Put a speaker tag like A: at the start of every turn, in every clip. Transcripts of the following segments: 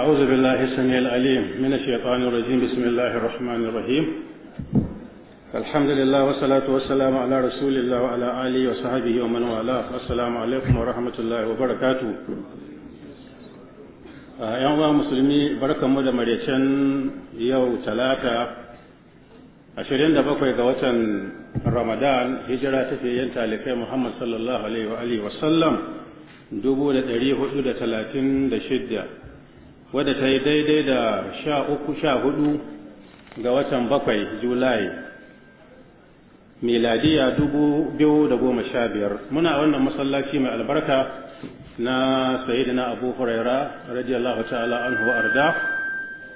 A: أعوذ بالله السميع العليم من الشيطان الرجيم بسم الله الرحمن الرحيم الحمد لله والصلاة والسلام على رسول الله وعلى آله وصحبه ومن والاه السلام عليكم ورحمة الله وبركاته ‘Yan uwa musulmi barkanmu da maraicen yau talata 27 ga watan Ramadan hijira ta fiye talibai Muhammad sallallahu Alaihi wa sallam 436 wadda ta yi daidai da sha uku sha hudu ga watan bakwai julai miladiya dubu biyu da goma sha biyar muna wannan masallaci mai albarka na sayidina abu huraira radiyallahu ta'ala anhu arda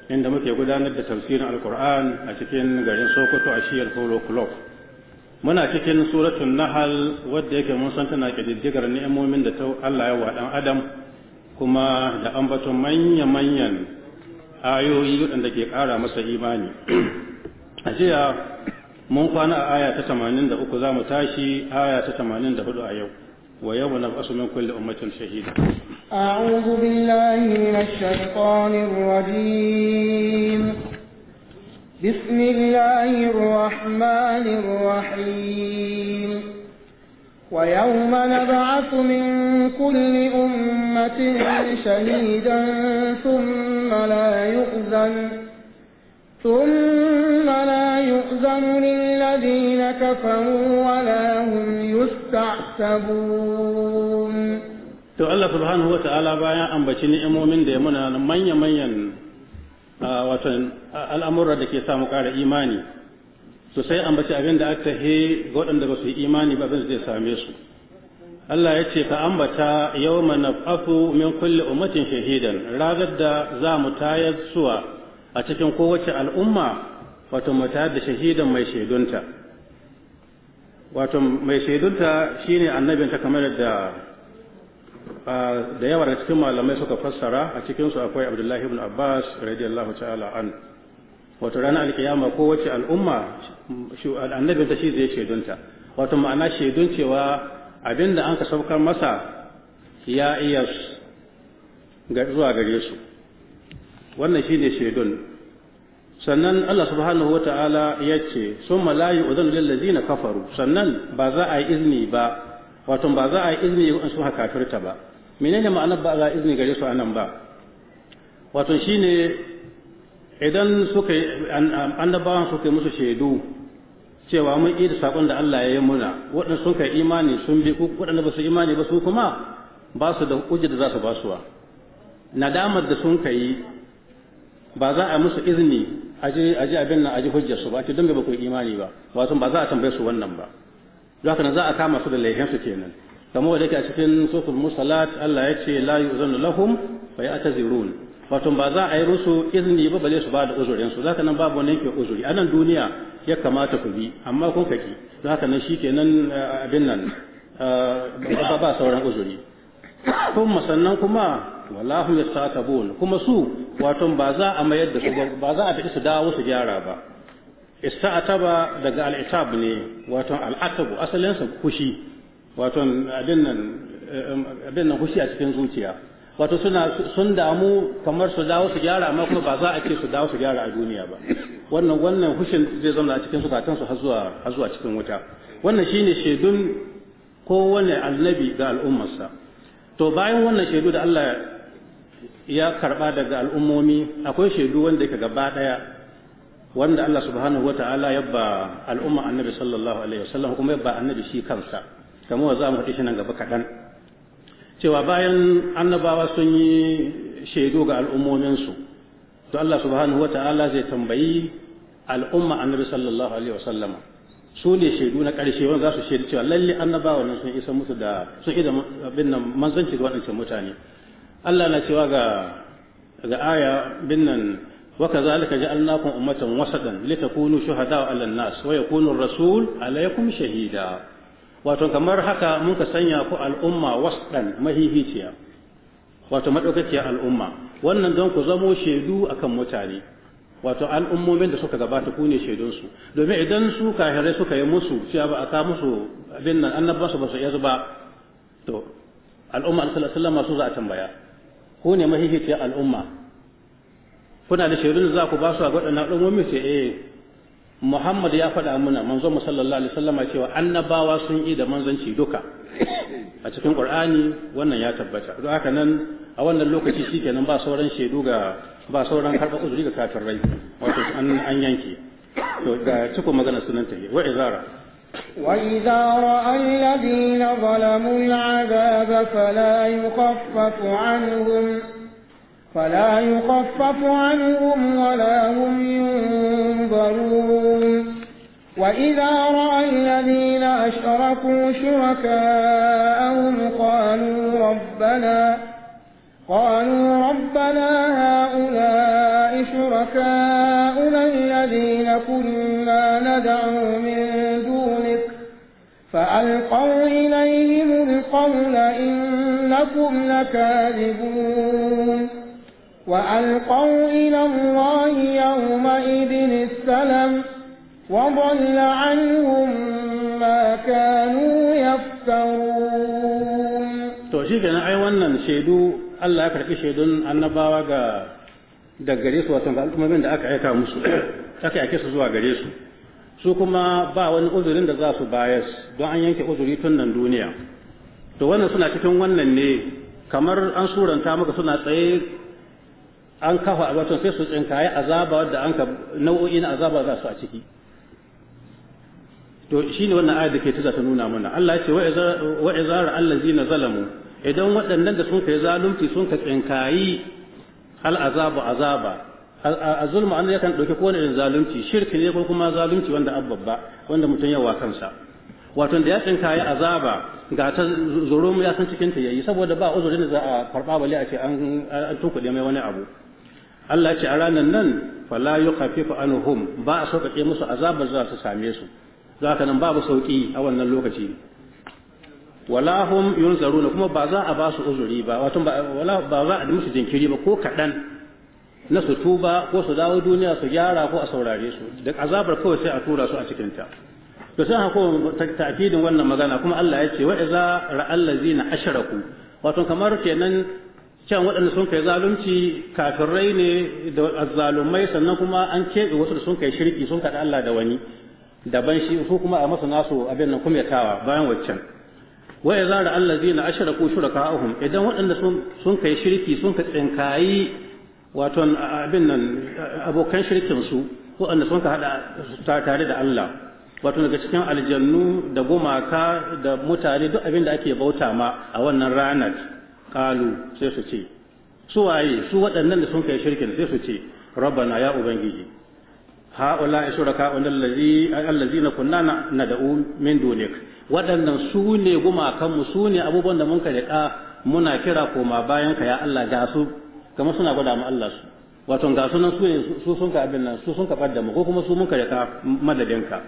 A: inda muke gudanar da tafsirin alkur'an a cikin garin sokoto a shiyar polo club muna cikin suratun nahal wadda yake mun san tana kididdigar ni'imomin da Allah ya wa ɗan adam kuma da ambaton manya-manyan ayoyi waɗanda ke ƙara masa imani a jiya mun kwana a aya ta tamanin da uku za mu tashi aya ta tamanin da hudu a yau wa yau na basu min kulle ummatin shahida
B: a'udhu billahi na shaitanir rajim bismillahir rahmanir rahim ويوم نبعث من كل أمة شهيدا ثم لا يؤذن ثم لا يؤذن للذين كفروا ولا هم يستعتبون
A: to Allah subhanahu wata'ala bayan ambaci ni'imomin da ya muna manya-manyan ah, wato ah, da ke samu ƙara imani to sai ambaci abin da aka he ga waɗanda ba su yi imani ba abin zai same su Allah ya ce ka ambata yau naf'afu min kulli ummatin shahidan ragar da za mu tayar suwa a cikin kowace al'umma wato mu tayar da shahidan mai shaidunta wato mai shaidunta shine annabinta kamar da da yawa da cikin malamai suka fassara a cikinsu akwai abdullahi ibn abbas radiyallahu ta'ala an wato ranar alkiyama kowace al'umma annabin ta shi zai shaidunta wato ma'ana shaidun cewa abinda an ka saukar masa ya iya zuwa gare su wannan shi ne shaidun sannan Allah subhanahu wa ta'ala ya ce sun malayi uzan lallazi na kafaru sannan ba za a yi izini ba wato ba za a yi izini in sun turta ba menene ma'anar ba za a izini gare su a nan ba wato ne idan suka annabawan suka musu shaidu cewa mun yi da sakon da Allah ya yi muna waɗanda sun kai imani sun bi waɗanda ba su imani ba su kuma ba su da hujja da za su basuwa nadamar da sun kai ba za a musu izini aji ji abin nan ji hujjar su ba ce don ba ku imani ba wato ba za a tambaye su wannan ba ka na za a kama su da laihin su kenan kamar wanda yake a cikin sufur musalat Allah ya ce la yu'zanu lahum fa ya'tazirun wato ba za a yi musu izini ba bale su ba da uzurin su zaka nan babu wanda yake uzuri a nan duniya ya kamata ku bi amma kun kaki zaka nan nan eh, abin nan
C: eh, ba
A: ba sauran uzuri kuma sannan kuma wallahu yastakabun kuma su wato ba za a mayar da su ba za a tafi su dawo su gyara ba ista'ataba daga al'itab ne wato al'atabu asalin sa kushi wato abin nan eh, abin nan kushi a cikin zuciya wato suna sun damu kamar su dawo su gyara amma kuma ba za a ce su dawo su gyara a duniya ba wannan wannan hushin zai zama a cikin zukatan su har zuwa har zuwa cikin wuta wannan shine shaidun kowane annabi ga al'ummarsa to bayan wannan shaidu da Allah ya karba daga al'ummomi akwai shaidu wanda yake gaba daya wanda Allah subhanahu wata'ala ya ba al'umma annabi sallallahu alaihi wasallam kuma ya ba annabi shi kansa kamar za mu faɗi shi nan gaba kaɗan cewa bayan annabawa sun yi shaidu ga al'ummominsu to Allah subhanahu wata'ala zai tambayi al'umma annabi sallallahu alaihi wasallama su ne shaidu na ƙarshe wanda za su shaidu cewa lalle annabawa nan sun isa musu da sun ida abin nan manzanci ga waɗancan mutane Allah na cewa ga ga aya bin nan وكذلك جعلناكم أمة وسطا لتكونوا شهداء على الناس ويكون الرسول عليكم shahida. wato kamar haka mun ka sanya ku al'umma wasɗan mahihiciya wato maɗaukaciyar al'umma wannan don ku zamo shaidu akan mutane wato al'ummomin da suka gabata ku ne shaidunsu domin idan su kahirai suka yi musu cewa ba a ka musu abin nan annabansu ba su iya ba to al'umma sallallahu alaihi wasallam za a tambaya ku ne mahihiciyar al'umma kuna da shaidun da za ku ba su a waɗannan al'ummomin sai eh Muhammad ya faɗa muna manzon mu sallallahu alaihi wasallam cewa annabawa sun yi da manzanci duka a cikin Qur'ani wannan ya tabbata don haka nan a wannan lokaci shikenan ba sauran shedu ga ba sauran karɓar uzuri ga kafir rai wato an an yanke to ga cikin magana sunan ta wa izara wa
B: وإذا رأى الذين ظلموا العذاب فلا yukhaffafu anhum فلا يخفف عنهم ولا هم ينظرون وإذا رأى الذين أشركوا شركاءهم قالوا ربنا قالوا ربنا هؤلاء شركاؤنا الذين كنا ندعو من دونك فألقوا إليهم القول إنكم لكاذبون وألقوا إلى الله يومئذ السلام وضل عنهم ما كانوا يفترون
A: تو شيء أي ونن شيدو الله كرك شيدون أن بابا جا دعريس واتن قال من دعك أيك مسلم أك أيك سوا دعريس سو كما با ون أزرين دعاء سو بايس دعاء ينك أزرين تنن الدنيا تو ون سنا كتون كمر أنصور تامك سنا an kafa wato sai su tsinkaye azaba wadda an ka nau'o'in azaba za su a ciki to shine wannan ayar da ke tuza ta nuna mana Allah ya ce wa izara allazina zalamu idan waɗannan da sun kai zalunci sun ka tsinkayi al azabu azaba azulma an yakan dauki ko wani zalunci shirki ne ko kuma zalunci wanda abbabba wanda mutum yawa kansa wato da ya tsinkaye azaba ga ta zoro mu ya san cikin ta yayi saboda ba uzurin da za a karba bale a ce an tukuɗe mai wani abu Allah ce a ranar nan fala yukhafifu hum ba a sauƙaƙe musu azabar za su same su za ka nan babu sauƙi a wannan lokaci wala hum yunzaruna kuma ba za a ba su uzuri ba wato ba za a musu jinkiri ba ko kaɗan na su tuba ko su dawo duniya su gyara ko a saurare su da azabar kawai sai a tura su a cikin ta to sai hako ta'kidin wannan magana kuma Allah ya ce wa iza ra'al ladzina ashraku wato kamar kenan can waɗanda sun kai zalunci kafirai ne da azzalumai sannan kuma an keɓe wasu da sun kai shirki sun kaɗa Allah da wani daban shi su kuma a masa nasu abin nan kumyatawa bayan waccan wa ya zara allazina shuraka shuraka'ahum idan waɗanda sun kai shirki sun ka tsinkayi wato abin nan abokan shirkin su waɗanda sun ka hada tare da Allah wato daga cikin aljannu da gumaka da mutane duk abin da ake bauta ma a wannan ranar Kalu sai su ce su waye su waɗannan da sun kai shirkin sai su ce rabbana ya ubangiji haula ishraka allazi allazina kunna nad'u min dunik waɗannan su ne kan mu su ne abubuwan da mun karika muna kira koma bayan ka ya Allah ga su kamar suna gwada mu Allah su wato ga nan su ne su sun ka abin nan su sun ka bar da mu ko kuma su mun karika madadinka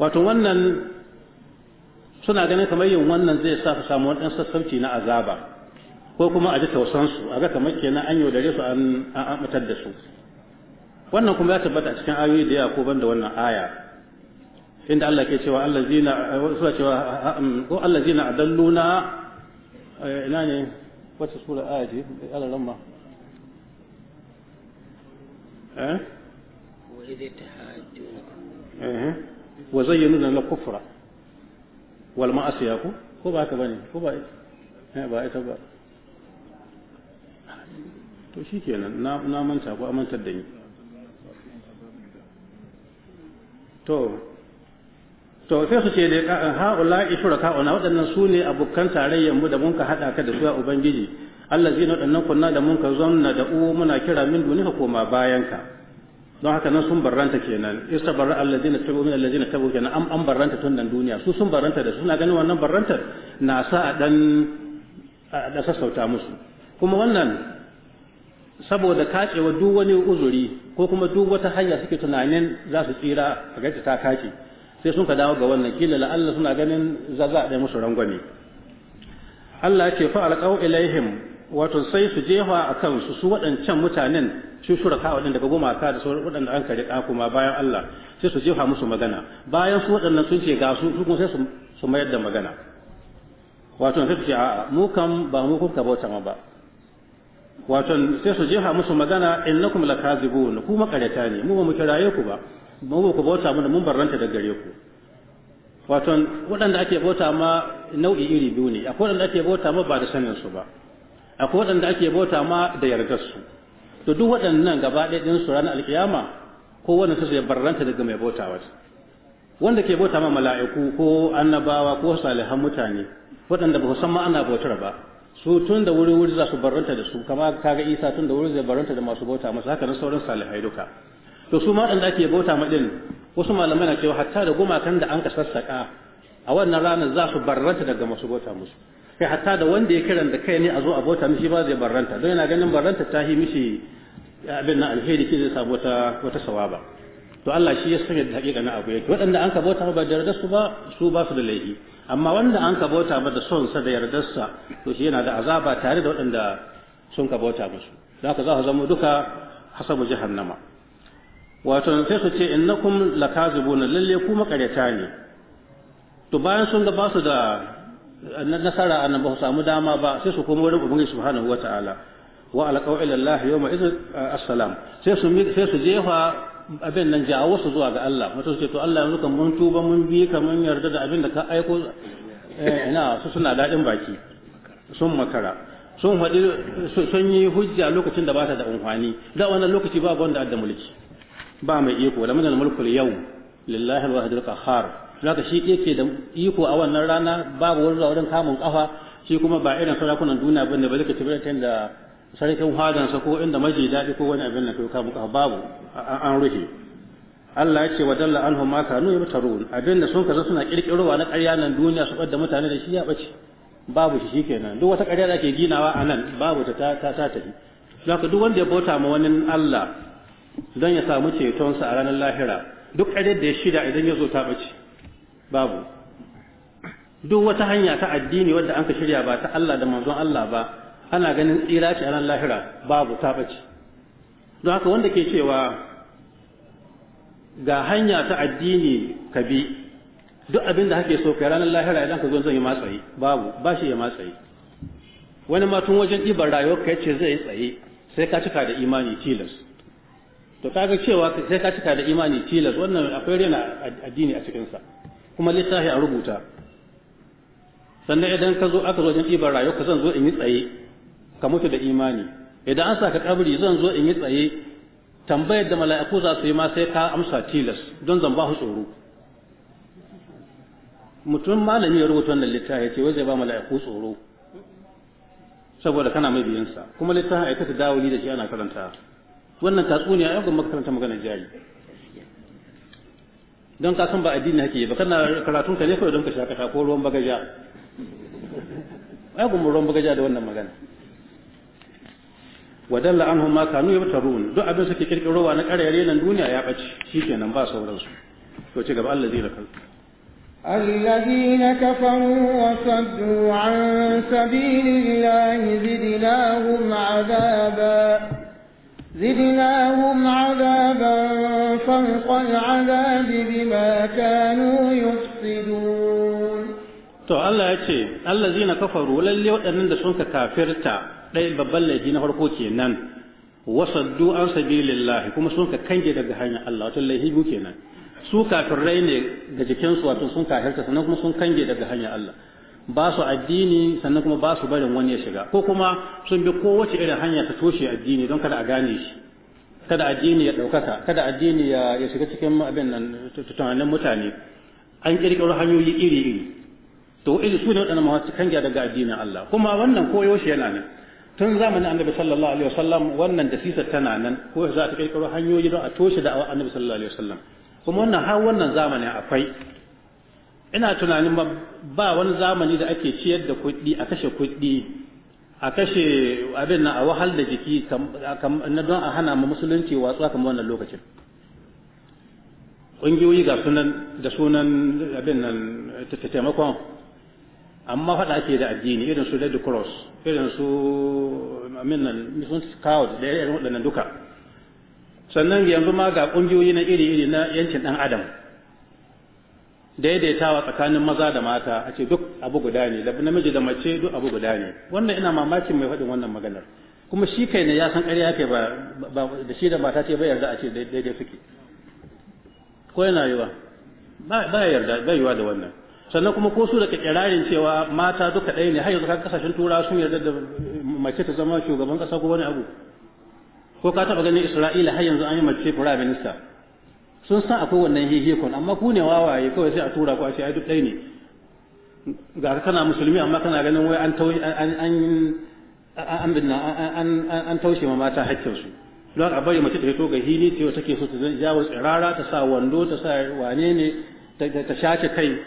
A: wato wannan suna ganin kamar yin wannan zai sa su samu wani sassauci na azaba ko kuma a ji tausansu a ga kamar kenan an yaudare su an amatar da su wannan kuma ya tabbata a cikin ayoyi da yawa ko ban da wannan aya inda Allah ke cewa allazina suna cewa um, ko allazina adalluna eh, ina ne wata sura aya ce Allah ramma eh
D: wa idh tahajjuna eh,
A: eh. wa zayyanu wal ma'asiya ko ko ba ka bane ko ba eh, ba ita ba to shi kenan na manta ko amantar da ni to to sai su ce da ha'ula ishuraka ona waɗannan su ne abokan tarayyar mu da mun ka haɗa ka da su a ubangiji allazi na waɗannan kunna da mun ka zonna da u muna kira min duni ka koma bayan ka don haka nan sun barranta kenan barra alladina tabu min alladina tabu kenan an an barranta tun nan duniya su sun barranta da suna ganin wannan barrantar na sa a dan da sassauta musu kuma wannan saboda kacewa duk wani uzuri ko kuma duk wata hanya suke tunanin za su tsira a gaji ta kace sai sun ka dawo ga wannan kila la suna ganin za za a musu rangwame Allah ya ce fa alqau ilaihim wato sai su jefa a kansu su waɗancan mutanen su ka waɗanda daga gumaka da sauran waɗanda an kare kuma bayan Allah sai su jefa musu magana bayan su waɗannan sun ce ga su su kuma sai su mayar da magana wato sai su ce a'a mu kan ba mu kuka bauta ma ba wato sai su jefa musu magana innakum lakazibun ku makareta ne mu ba mu kiraye ku ba mu ba ku bauta mu mun barranta da gare ku wato waɗanda ake bauta ma nau'i iri biyu ne akwai waɗanda ake bauta ma ba da sanin su ba akwai waɗanda ake bauta ma da yardar su to duk waɗannan gaba ɗaya ɗin su ranar alkiyama ko wanda su ya barranta daga mai bauta wata wanda ke bauta ma mala'iku ko annabawa ko salihan mutane waɗanda ba san ma ana bautar ba su tun da wuri wuri za su barranta da su kama kaga isa tun da wuri zai barranta da masu bauta masu haka na sauran salihai duka to su ma waɗanda ake bauta ma ɗin wasu malamai na cewa hatta da gumakan da an ka sassaƙa a wannan ranar za su barranta daga masu bauta musu kai hatta da wanda ya kiran da kai ne a zo a bauta mishi ba zai barranta don yana ganin barranta ta yi mishi abin na alheri shi zai samu wata wata sawaba to Allah shi ya sanya da hakika na abu yake wadanda an ka bauta ba da yardar su ba su ba su da laifi amma wanda an ka bauta ba da son sa da yardar sa to shi yana da azaba tare da wadanda sun ka bauta musu haka za su zama duka hasabu jahannama wato sai su ce innakum lakazibuna lalle ku makaryata ne to bayan sun ga ba su da nasara nan ba samu dama ba sai su koma wurin ubangiji subhanahu wataala wa ala qawl ilallahi yawma idh assalam sai su sai su jefa abin nan jawo su zuwa ga Allah mutum ce to Allah yanzu kan mun tuba mun bi ka mun yarda da abin da ka aiko eh, ina su suna dadin baki sun makara sun faɗi sun yi hujja lokacin da ba ta da amfani da wannan lokaci ba wanda adda mulki ba mai iko lamun al-mulku yau lillahi al-wahid zaka shi ke da iko a wannan rana babu wani zauren kamun kafa shi kuma ba irin sarakunan duniya bane ba zaka tabbata inda sarkin hadansa ko inda maji daɗi ko wani abin da kai kamun kafa babu an ruhi. Allah ya ce wa dalla anhum ma kanu yabtarun abin da sun kaza suna kirkirowa na ƙarya nan duniya su da mutane da shi ya bace babu shi shikenan duk wata ƙarya da ake ginawa a nan babu ta ta ta tafi zaka duk wanda ya bauta ma wani Allah dan ya samu cetonsa a ranar lahira duk ƙaryar da ya shida idan ya zo ta bace babu duk wata hanya ta addini wadda an ka shirya ba ta Allah da manzon Allah ba ana ganin tsira ce a ran lahira babu ta bace don haka wanda ke cewa ga hanya ta addini ka bi duk abin da kake so kai ranar lahira idan ka zo zan yi matsayi babu ba shi ya matsayi wani ma tun wajen ɗiban rayuwar ka ce zai tsaye sai ka cika da imani tilas to kaga cewa sai ka cika da imani tilas wannan akwai rena addini a cikinsa kuma littafi a rubuta sannan idan ka zo aka zo wajen ɗiban rayuwa zan zo in yi tsaye ka mutu da imani idan an saka kabri zan zo in yi tsaye tambayar da mala'iku za su yi ma sai ka amsa tilas don zan ba su tsoro mutum malami ya rubuta wannan littafi ce wai zai ba mala'iku tsoro saboda kana mai biyansa kuma littafin aikata dawuli da shi ana karanta wannan tatsuniya ya ga makaranta magana jari don ka san ba addini hake ba kana karatun ka ne kawai don ka shaka ka ko ruwan bagaja ai gumin ruwan bagaja da wannan magana wadalla anhum ma kanu yabtarun duk abin suke kirkirowa na karyare nan duniya ya bace shikenan ba sauran su to ci gaba
C: Allah zai raka
B: الذين كفروا وصدوا عن سبيل الله زدناهم عذابا زدناهم عذابا فوق العذاب بما كانوا يفسدون
A: تو الله يتي الذين كفروا للي وأنن دسونك كافرتا لأي الببال الذين هركوتي نان وصدوا عن سبيل الله كما سونك كنجي دقهاني الله وتو الله يجوكي نان سوكا فرين دجكين سواتو سونك هلتا سونك كنجي دقهاني الله ba su addini sannan kuma ba su barin wani ya shiga ko kuma sun bi kowace irin hanya ta toshe addini don kada a gane shi kada addini ya ɗaukaka kada addini ya shiga cikin abin nan tunanin mutane an ƙirƙiro hanyoyi iri-iri to irin su ne waɗannan masu kangiya daga addinin Allah kuma wannan koyo shi yana nan tun zamanin annabi sallallahu alaihi wasallam wannan sisa tana nan ko za ta ƙirƙiro hanyoyi don a toshe da annabi sallallahu alaihi wasallam kuma wannan har wannan zamanin akwai ina tunanin ba wani zamani da ake ciyar da kuɗi a kashe kuɗi a kashe abin na a wahal da jiki na don a hana mu musulunci watsuwa kamar wannan lokacin ƙungiyoyi ga sunan da sunan abin nan ta taimakon amma faɗa ake da addini irin su red cross irin su amin nan sun kawo da irin waɗannan duka sannan yanzu ma ga ƙungiyoyi na iri-iri na yancin ɗan adam daidaitawa tsakanin maza da mata a ce duk abu guda ne da namiji da mace duk abu guda ne wannan ina mamakin mai faɗin wannan maganar kuma shi kai ne ya san ƙarya kai ba da shi da mata ce bai yarda a ce daidai suke ko yana yiwa ba yarda bai yiwa da wannan sannan kuma ko su da kirarin cewa mata duka ɗaya ne har yanzu kan kasashen tura sun yarda da mace ta zama shugaban ƙasa ko wani abu ko ka taɓa ganin isra'ila har yanzu an yi mace firayim minista sun san akwai wannan hihikon amma ku ne wawaye kawai sai a tura ku a ce ai duk ɗaya ne ga ka kana musulmi amma kana ganin wai an
B: an an an taushe ma mata hakkin
A: su don a bari mace ta fito ga hili ce wata ke so ta jawo tsirara ta sa wando ta sa wane ne ta shace kai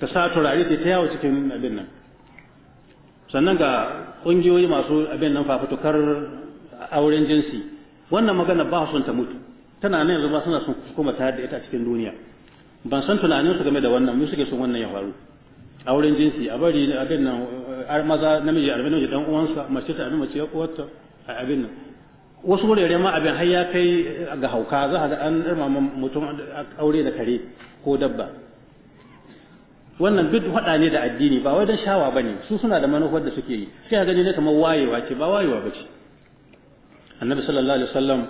A: ta sa turare ta yawo cikin abin nan sannan ga ƙungiyoyi masu abin nan fafutukar auren jinsi wannan magana ba su ta mutu tana nan yanzu ba suna son kuma ta da ita a cikin duniya ban san tunaninsu game da wannan mu suke son wannan ya faru auren jinsi a bari a abin nan maza namiji a namiji dan uwansa mace ta abin mace ya kuwata a abin nan wasu wurare ma abin har ya kai ga hauka za a ga an irmama mutum aure da kare ko dabba wannan duk faɗa ne da addini ba wai don shawa ba ne su suna da manufar da suke yi sai a gani ne kamar wayewa ce ba wayewa ba ce annabi sallallahu alaihi wasallam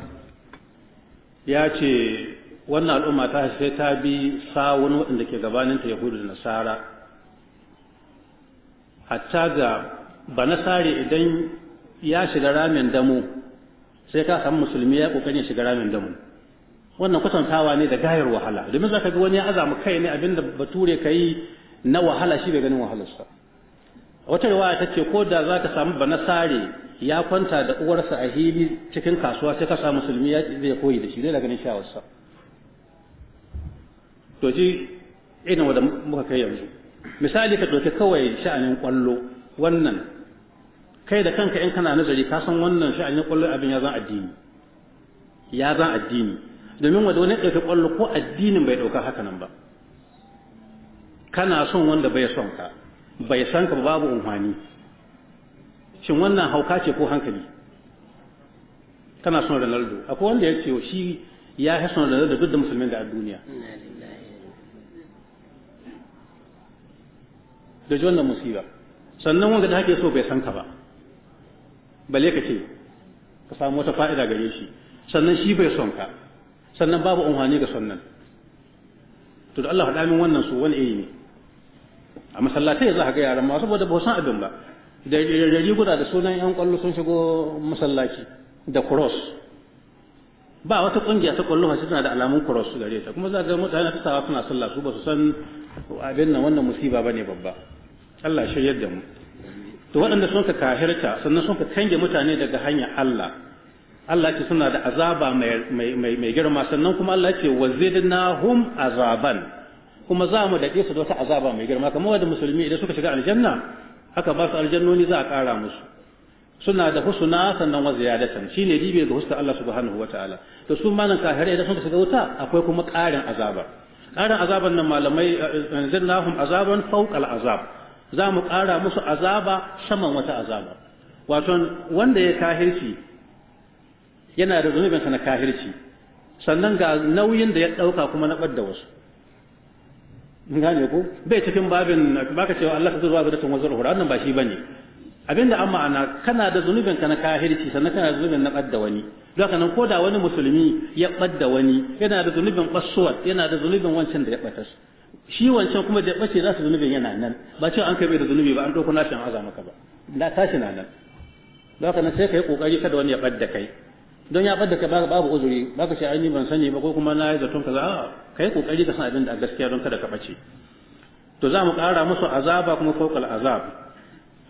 A: ya ce wannan al'umma ta sai ta bi sawun waɗanda ke gabaninta yahudu da nasara hatta ga ba nasare idan ya shiga ramin damu sai ka samu musulmi ya ƙoƙarin shiga ramin damu wannan kusantawa ne da gayar wahala domin za ka ga wani ya azama kai ne abinda bature ka yi na wahala shi bai ganin wahalarsa wata riwaya ta ce ko da za ka samu ba nasare ya kwanta da uwarsa a hili cikin kasuwa sai ka musulmi ya zai koyi da shi zai daga nishawarsa to ji ina wanda muka kai yanzu misali ka ɗauki kawai sha'anin ƙwallo wannan kai da kanka in kana nazari ka san wannan sha'anin ƙwallo abin ya zan addini ya zan addini domin wanda wani ɗauki ƙwallo ko addinin bai ɗauka haka nan ba kana son wanda bai son ka bai san ka babu umfani shin wannan hauka ce ko hankali kana son Ronaldo akwai wanda ya ce shi ya fi son Ronaldo duk da musulmin da a duniya da ji wannan musiba sannan wanda da hake so bai san ka ba bale ka ce ka samu wata fa'ida gare shi sannan shi bai son ka sannan babu umhani ga sannan to da Allah faɗa min wannan su wani iri ne a masallatai za ka ga yaran ma saboda ba san abin ba da riguna da sunan yan kwallo sun shigo masallaci da cross ba wata kungiya ta kwallo fa suna da alamun cross gare ta kuma za ga mutane ta tawa suna sallah su ba su san abin nan wannan musiba bane babba Allah shiryar da mu to waɗanda sun ka kahirta sannan sun ka kange mutane daga hanyar Allah Allah ce suna da azaba mai girma sannan kuma Allah ce wa zidnahum azaban kuma za mu daɗe su da wata azaba mai girma kamar wanda musulmi idan suka shiga aljanna haka ba su aljannoni za a ƙara musu suna da husuna sannan wa ziyadatan ne dibe ga husna Allah subhanahu ta'ala to su manan kafirai idan sun shiga wuta akwai kuma ƙarin azaba ƙarin azaban nan malamai eh, eh, eh, zanzannahum azaban fawqal azab za mu ƙara musu azaba saman wata azaba wato wanda ya kahirci yana da sa na kahirci sannan ga nauyin da ya ɗauka kuma na ɓadda wasu gane ko bai cikin babin baka cewa Allah ka zuwa da tun tunwazar hura wannan ba shi bane abinda an ma'ana kana da zunubin ka na kahirci sannan kana da zunubin na kadda wani don haka nan ko da wani musulmi ya kadda wani yana da zunubin basuwar yana da zunubin wancan da ya bata shi wancan kuma da ya bace za su zunubin yana nan ba cewa an kai bai da zunubi ba an ɗauko nashin azama ka ba da tashi na nan don haka nan sai kai yi kada wani ya badda kai don ya badda kai babu uzuri baka shi an yi ban sani ba ko kuma na yi zaton kaza a'a kai kokari ka san abin da a gaskiya don kada ka bace to za mu ƙara musu azaba kuma fawqal azab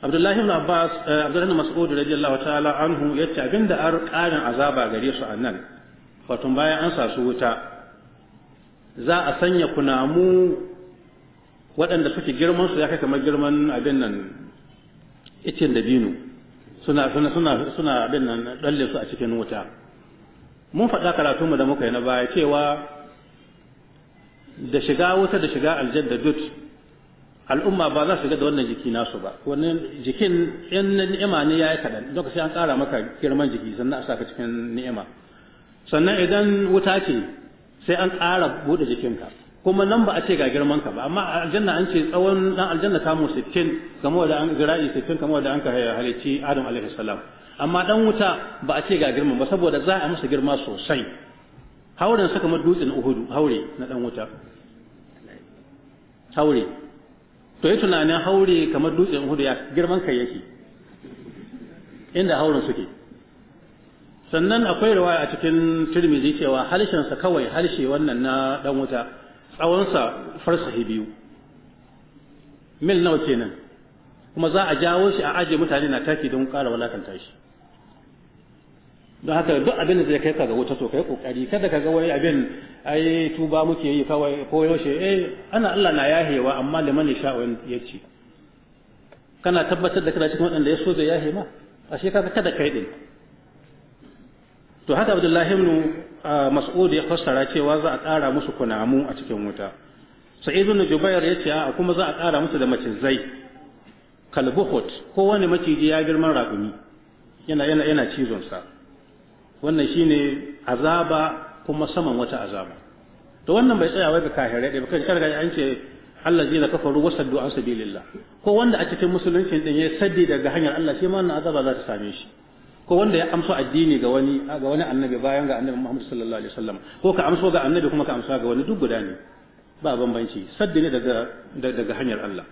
A: Abdullahi ibn Abbas eh, Abdullahi ibn Mas'ud radiyallahu ta'ala anhu yace abin da ar ƙarin azaba gare su annan wato bayan an sa su wuta za a sanya kunamu waɗanda suke girman su ya kai kamar girman abin nan icen dabino suna suna suna suna abin nan dalle su a cikin wuta mun faɗa karatu mu da muka yi na baya cewa da shiga wuta da shiga aljanna duk al'umma ba za su ga da wannan jiki nasu ba wannan jikin in ni'ima ne yayi kadan duk sai an tsara maka girman jiki sannan a sa saka cikin ni'ima sannan idan wuta ce sai an tsara bude jikinka kuma nan ba a ce ga girman ka ba amma aljanna an ce tsawon dan aljanna kamu 60 kamar da an gira'i 60 kamar da an ka halici Adam alaihi salam amma dan wuta ba a ce ga girman ba saboda za a musu girma sosai hauren suka ma dutsen uhudu haure na dan wuta haure to yi tunanin haure kamar dutsen uhudu ya girman kai yake inda hauren suke sannan akwai rawa a cikin turmizi cewa halishinsa kawai halishe wannan na dan wuta tsawonsa farsahi biyu mil nawa kenan kuma za a jawo shi a ajiye mutane na taki don ƙara walakanta shi don haka duk abin da zai kai ka ga wuta to kai kokari kada ka ga wani abin ai tuba muke yi kawai ko yaushe eh ana Allah na yahewa amma liman ya ya ce kana tabbatar da kana cikin waɗanda ya so zai yahe ma ashe kada kai din to haka Abdullahi ibn ah, Mas'ud ya fassara cewa za a ƙara musu kunamu a cikin wuta Sa'id ibn Jubair ya ce a kuma za a kara musu da macizai kalbuhut ko wani maciji ya girman raƙumi yana yana yana cizon sa wannan shine azaba kuma saman wata azaba to wannan bai tsaya wai ga kafirai da kan karga an ce Allah zai kafa ruwa saddu an sabilillah ko wanda a cikin musulunci din ya saddi daga hanyar Allah shi ma wannan azaba za ta same shi ko wanda ya amsa addini ga wani ga wani annabi bayan ga annabi Muhammad sallallahu alaihi wasallam ko ka amso ga annabi kuma ka amsa ga wani duk guda ne ba bambanci saddi ne daga daga hanyar Allah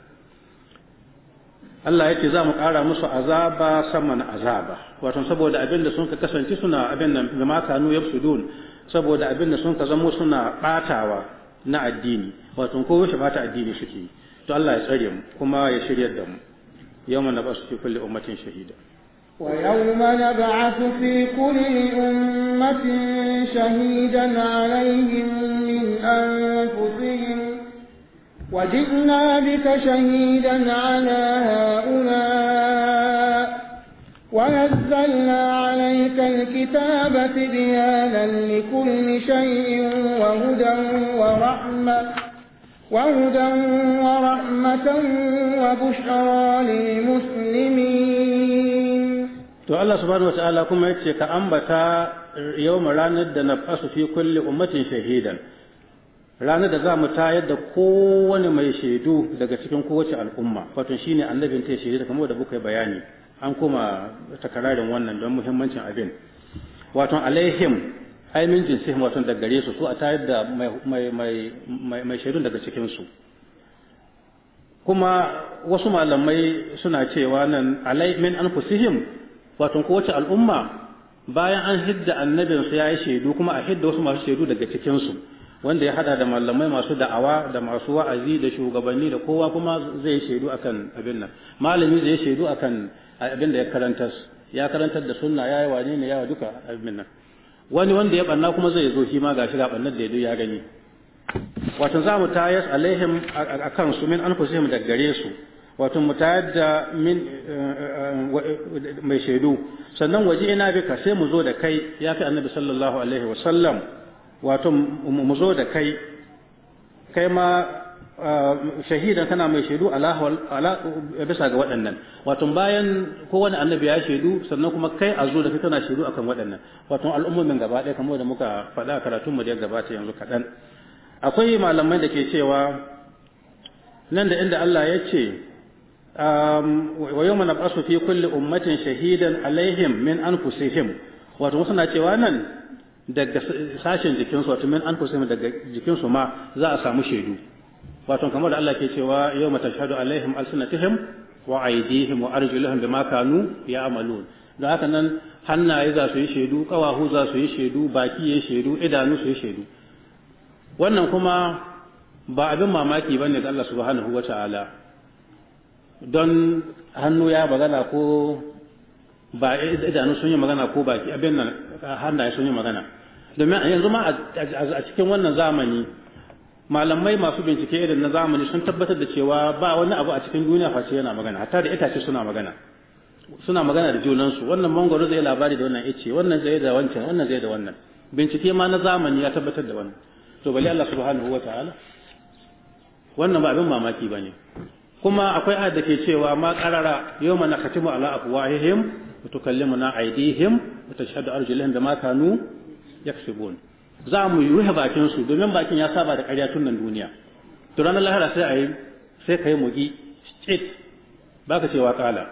A: Allah yake za mu ƙara musu azaba sama na azaba wato saboda abin da sun ka kasance suna abin da bima kanu yafsudun saboda abin da sun ka zama suna batawa na addini wato ko yaushe bata addini suke to Allah ya tsare mu kuma ya shirya da mu yawma nabasu fi kulli ummatin shahida
B: wa yawma نبعث fi kulli ummatin shahidan alaihim min anfusihim وجئنا بك شهيدا على هؤلاء ونزلنا عليك الكتاب تبيانا لكل شيء وهدى ورحمة وهدى ورحمة وبشرى للمسلمين
A: تو الله سبحانه وتعالى كما يتشك أنبتا يوم لا ند نبأس في كل أمة شهيدا ranar da za mu tayar da kowane mai shaidu daga cikin kowace al'umma shi ne annabin ta shaidu kamar da buka bayani an kuma takararin wannan don muhimmancin abin wato alaihim ai min jinsihim wato da gare su su a tayar da mai shaidun daga cikin su kuma wasu malamai suna cewa nan alai min anfusihim wato kowace al'umma bayan an hidda annabinsu ya yi shaidu kuma a hidda wasu masu shaidu daga cikinsu wanda ya hada da malamai masu da'awa da masu wa'azi da shugabanni da kowa kuma zai shaidu akan abin nan malami zai shaidu akan abin da ya karanta ya karantar da sunna yayi wani ne yawa duka abin nan wani wanda ya banna kuma zai zo shi ma gashi ga bannar da ya ya gani wato za mu tayas alaihim akan su min anfusihim da gare su wato mu tayar da min eh, eh, eh, mai shaidu sannan waje ina bika sai mu zo da kai ya kai annabi sallallahu alaihi wa sallam wato mu zo da kai kai ma shahidan kana mai shaidu bisa ga waɗannan wato bayan kowane annabi ya shaidu sannan kuma kai a zo da kai kana shaidu akan waɗannan wato al'ummomin gaba ɗaya kamar da muka faɗa karatun mu da ya gabata yanzu kaɗan akwai malamai da ke cewa nan da inda Allah ya ce wa yawma nab'asu fi kulli ummatin shahidan alaihim min anfusihim wato suna cewa nan daga sashen jikinsu wato min an kusa daga jikinsu ma za a samu shaidu wato kamar da Allah ke cewa yau mata shahadu alaihim alsinatihim wa aidihim wa arjuluhum bima kanu ya'malun da haka nan hannaye za su yi shaidu kawahu za su yi shaidu baki ya shaidu idanu su yi shaidu wannan kuma ba abin mamaki bane ga Allah subhanahu wata'ala don hannu ya bagana ko ba idanu sun yi magana ko baki abin nan hannaye sun yi magana domin yanzu ma a cikin wannan zamani malamai masu bincike irin na zamani sun tabbatar da cewa ba wani abu a cikin duniya face yana magana hatta da itace suna magana suna magana da junansu wannan mangoro zai labari da wannan ice wannan zai da wancan wannan zai da wannan bincike ma na zamani ya tabbatar da wannan to bali Allah subhanahu wataala wannan ba abin mamaki bane kuma akwai ayat da ke cewa ma qarara yawma nakatimu ala afwahihim kalli mu وتكلمنا أيديهم وتشهد أرجلهم بما كانوا يكسبون za mu ruhe bakin su domin bakin ya saba da karya tun nan duniya to ranar lahara sai a yi sai ka yi mugi cit ba ka cewa kala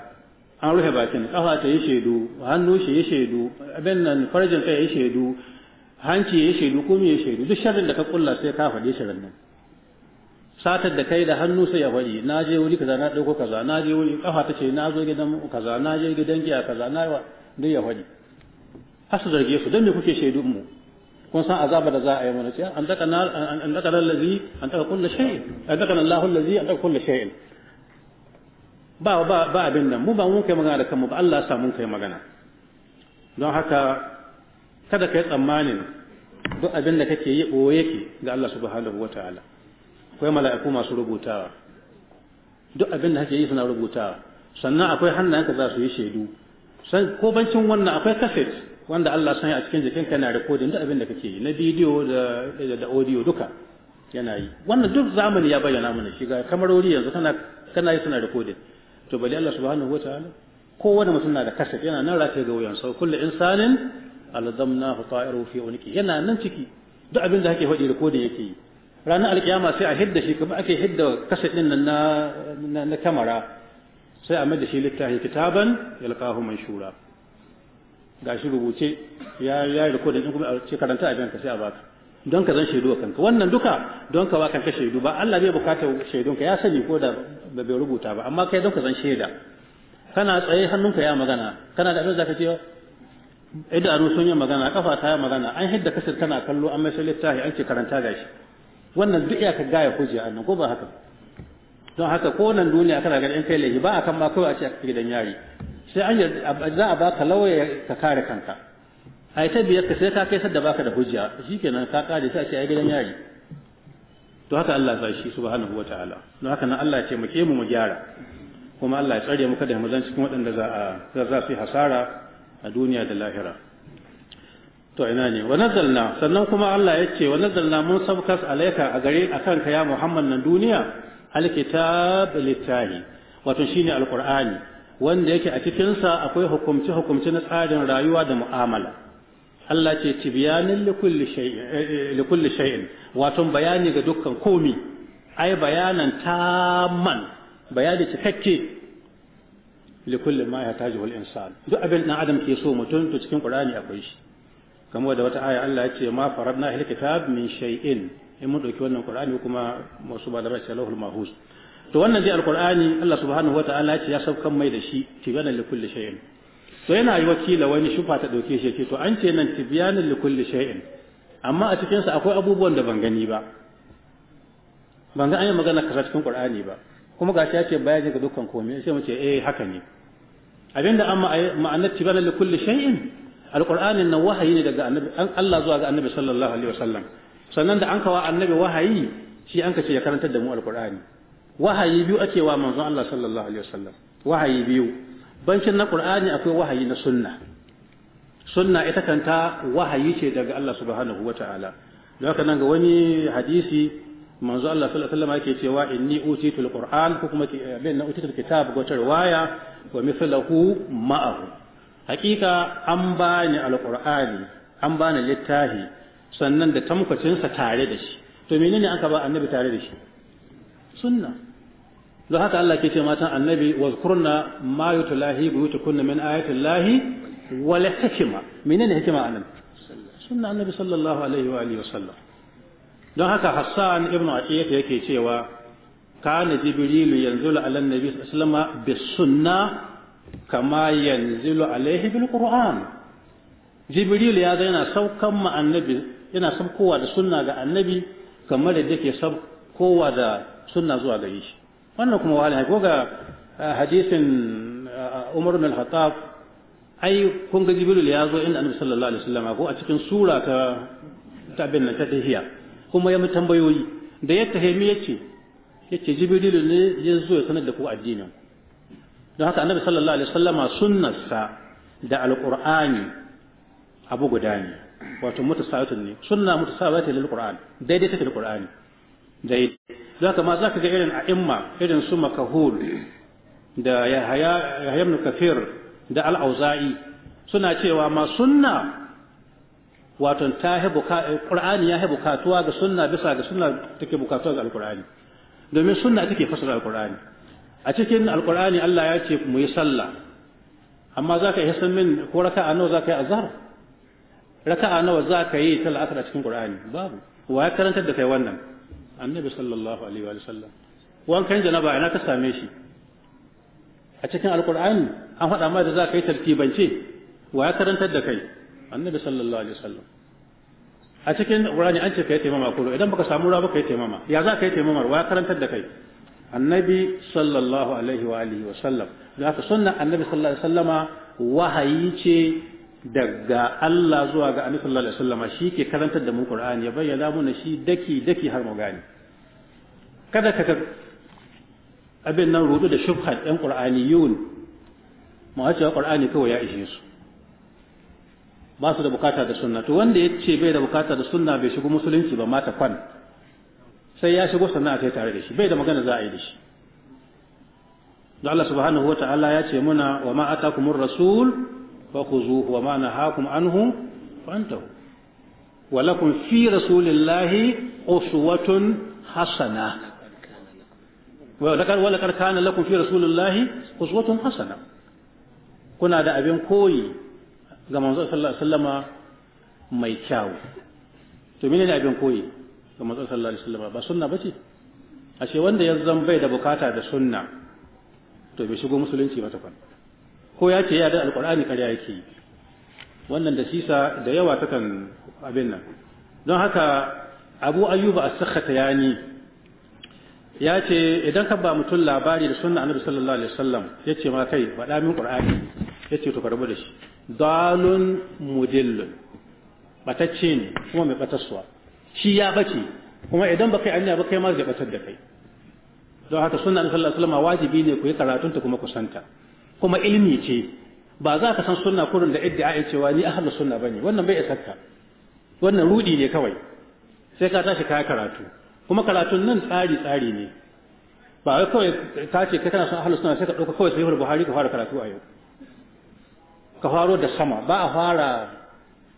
A: an rufe bakin kafa ta shaidu hannu shi yi shaidu abin nan farjin kai yi shaidu hanci yi shaidu ko ya shaidu duk sharrin da ka ƙulla sai ka faɗi shirin nan satar da kai da hannu sai ya faɗi na je wuri kaza na ɗauko kaza na je wuri kafa ta ce na zo gidan kaza na je gidan giya kaza na yi duk ya faɗi har su zarge su don me kuke shaidu mu kun san azaba da za a yi mana ce an daka an daka allazi an daka kullu shay'in an daka Allahu allazi an daka kullu shay'in ba ba ba abin nan mu ba mun kai magana da kanmu ba Allah ya sa mun kai magana don haka kada kai tsammanin duk abin da kake yi ɓoye yake ga Allah subhanahu wa ta'ala akwai mala'iku masu rubutawa duk abin da kake yi suna rubutawa sannan akwai ka za su yi shaidu san ko bancin wannan akwai kaset wanda Allah sanya a cikin jikinka yana recording duk abin da kake yi na bidiyo da da audio duka yana yi wannan duk zamani ya bayyana mana shiga kamarori yanzu kana kana yi suna recording to bali Allah subhanahu wataala kowane mutum na da kaset yana nan rafe ga wuyan sau kullu insanin alzamnahu ta'iru fi unki yana nan ciki duk abin da kake faɗi recording yake yi ranar alkiyama sai a hidda shi kuma ake hidda kaset din nan na na kamara sai a da shi littafi kitaban yalqahu manshura gashi rubuce ya ya rikodin din kuma a ce karanta a ka sai a baka don ka zan shaidu a kanka wannan duka don ka baka kanka shaidu ba Allah bai bukata shaidun ka ya sani ko da bai rubuta ba amma kai don ka zan shaida kana tsaye hannunka ya magana kana da abin zaka ce idanu sun yi magana kafa ta yi magana an hidda kasir kana kallo an mai sai littafi an ce karanta gashi wannan duk ya ka gaya kuje a nan ko ba haka don haka ko nan duniya kana ga in kai laifi ba a kan ma kawai a ce a gidan yari sai an za a baka lauya ka kare kanka a ta biyar ka sai ka kai sadda baka da hujja kenan ka kare sai a ce a gidan yari to haka Allah ya shi subhanahu wataala don haka nan Allah ya ke mu mu gyara kuma Allah ya tsare mu kada mu zan cikin waɗanda za a za su yi hasara a duniya da lahira to ina ne wa nazalna sannan kuma Allah ya ce wa nazalna mun sabkas alayka a gare akan ka ya Muhammad nan duniya alkitab littahi wato shine alqur'ani wanda yake a cikin sa akwai hukumci hukumci na tsarin rayuwa da mu'amala Allah ce tibyanin likulli eh, shay'in wato bayani ga dukkan komi ai bayanan tamman bayani cikakke likulli ma ya taji insan duk abin dan adam ke so mutum to cikin qur'ani akwai shi kamar da wata aya Allah ya ce ma faradna ahli kitab min shay'in in mun dauki wannan qur'ani kuma masu da sai lahul mahus to wannan dai alqur'ani Allah subhanahu wataala ya ce ya saukan mai da shi tibanan li kulli shay'in to yana yi wakila wani shufa ta dauke shi ce to an ce nan tibyanan li kulli shay'in amma a cikin sa akwai abubuwan da ban gani ba ban ga an yi magana kaza cikin qur'ani ba kuma gashi ya ce bayani ga dukkan komai sai mu ce eh haka ne abinda amma ma'anar tibanan li kulli shay'in alqur'anin nan wahayi ne daga annabi an Allah zuwa ga annabi sallallahu alaihi wasallam sannan da an kawa annabi wahayi shi an ka ya karantar da mu alqur'ani wahayi biyu ake wa manzon Allah sallallahu alaihi wasallam wahayi biyu bancin na qur'ani akwai wahayi na sunna sunna ita kanta wahayi ce daga Allah subhanahu wataala don haka nan ga wani hadisi manzo Allah sallallahu alaihi wasallam yake cewa inni utitul qur'an ko kuma bin na utitul kitab wata riwaya wa mithluhu ma'ahu hakika an bani alqur'ani an bani littafi sannan da tamkwacin sa tare da shi to menene aka ba annabi tare da shi sunna da haka Allah ke ce matan annabi wazkurna ma yutlahi buyutukunna min ayati llahi wal hikma menene hikima anan sunna annabi sallallahu alaihi wa alihi wasallam don haka Hassan ibn Aqiyat yake cewa kana jibrilu yanzu ala annabi sallallahu alaihi wasallam bis sunna kama yanzilu alaihi bil qur'an jibril ya zo yana saukan ma annabi yana saukowa da sunna ga annabi kamar da yake saukowa da sunna zuwa gare shi wannan kuma wani ko ga hadisin umar bin al-khattab ai kun ga jibril ya zo inda annabi sallallahu alaihi wasallam ko a cikin sura ta tabin na ta tahiya kuma ya mutambayoyi tambayoyi da ya tahimi yace yace jibril ne ya zo ya sanar da ku addinin don haka annabi sallallahu alaihi sallama sunnarsa da alqur'ani abu guda ne wato mutasawatun ne sunna mutasawatin lil qur'an daidai take da qur'ani daidai don haka ma za ka ga irin a'imma irin su makahul da yahaya yahya ibn kafir da al-auza'i suna cewa ma sunna wato ta qur'ani ya hi bukatuwa ga sunna bisa ga sunna take bukatuwa ga alqur'ani domin sunna take fasara alqur'ani a cikin alkur'ani Allah ya ce mu yi sallah amma zaka yi san min ko raka'a nawa zaka yi azhar raka'a nawa zaka yi ta asr a cikin qur'ani babu wa ya karanta da kai wannan annabi sallallahu alaihi wa sallam kan janaba ina ka same shi a cikin alkur'ani an faɗa ma da zaka yi tartibance wa ya karanta da kai annabi sallallahu alaihi wa sallam a cikin qur'ani an ce kai taimama ko idan baka samu ruwa baka yi taimama ya zaka yi taimamar wa ya karanta da kai annabi sallallahu alaihi wa alihi wa sallam da ka sunnan annabi sallallahu alaihi wa sallama wahayi ce daga Allah zuwa ga annabi sallallahu alaihi wasallama shi ke karantar da mu Qur'ani ya bayyana mana shi daki daki har mu gane kada ka abin nan rudu da shubha ɗan yun mu ce Qur'ani kawai ya ishe su ba su da bukata da sunna to wanda ya ce bai da bukata da sunna bai shigo musulunci ba mata kwan sai ya shigo sannan a kai tare da shi bai da magana za a yi da shi don Allah subhanahu wa ta'ala ya ce muna wa ma atakumur rasul fa khuzuhu wa ma nahakum anhu fantahu wa lakum fi rasulillahi uswatun hasana wa laqad kana lakum fi rasulillahi uswatun hasana kuna da abin koyi ga manzo sallallahu alaihi wasallama mai kyau to menene abin koyi ga manzon sallallahu alaihi wasallam ba sunna a ce wanda ya zan bai da bukata da sunna to bai shigo musulunci ba takwan ko ya ce ya da alqur'ani kariya yake yi wannan da sisa da yawa takan abin nan don haka abu ayyuba as-sakhata yani ya ce idan ka ba mutum labari da sunna annabi sallallahu alaihi wasallam ya ce ma kai faɗa min qur'ani ya ce to karbu da shi dalun mudillun batacce ne kuma mai bataswa shi ya bace kuma idan ba kai anya ba kai ma zai batar da kai don haka sunna annabi sallallahu alaihi wasallam wajibi ne ku yi karatun ta kuma ku santa kuma ilimi ce ba za ka san sunna kurin da iddia cewa ni ahlus sunna bane wannan bai isa ka wannan rudi ne kawai sai ka tashi ka karatu kuma karatun nan tsari tsari ne ba wai kawai ka ce kai kana son ahlus sunna sai ka dauka kawai sahihul buhari ka fara karatu a yau ka faro da sama ba a fara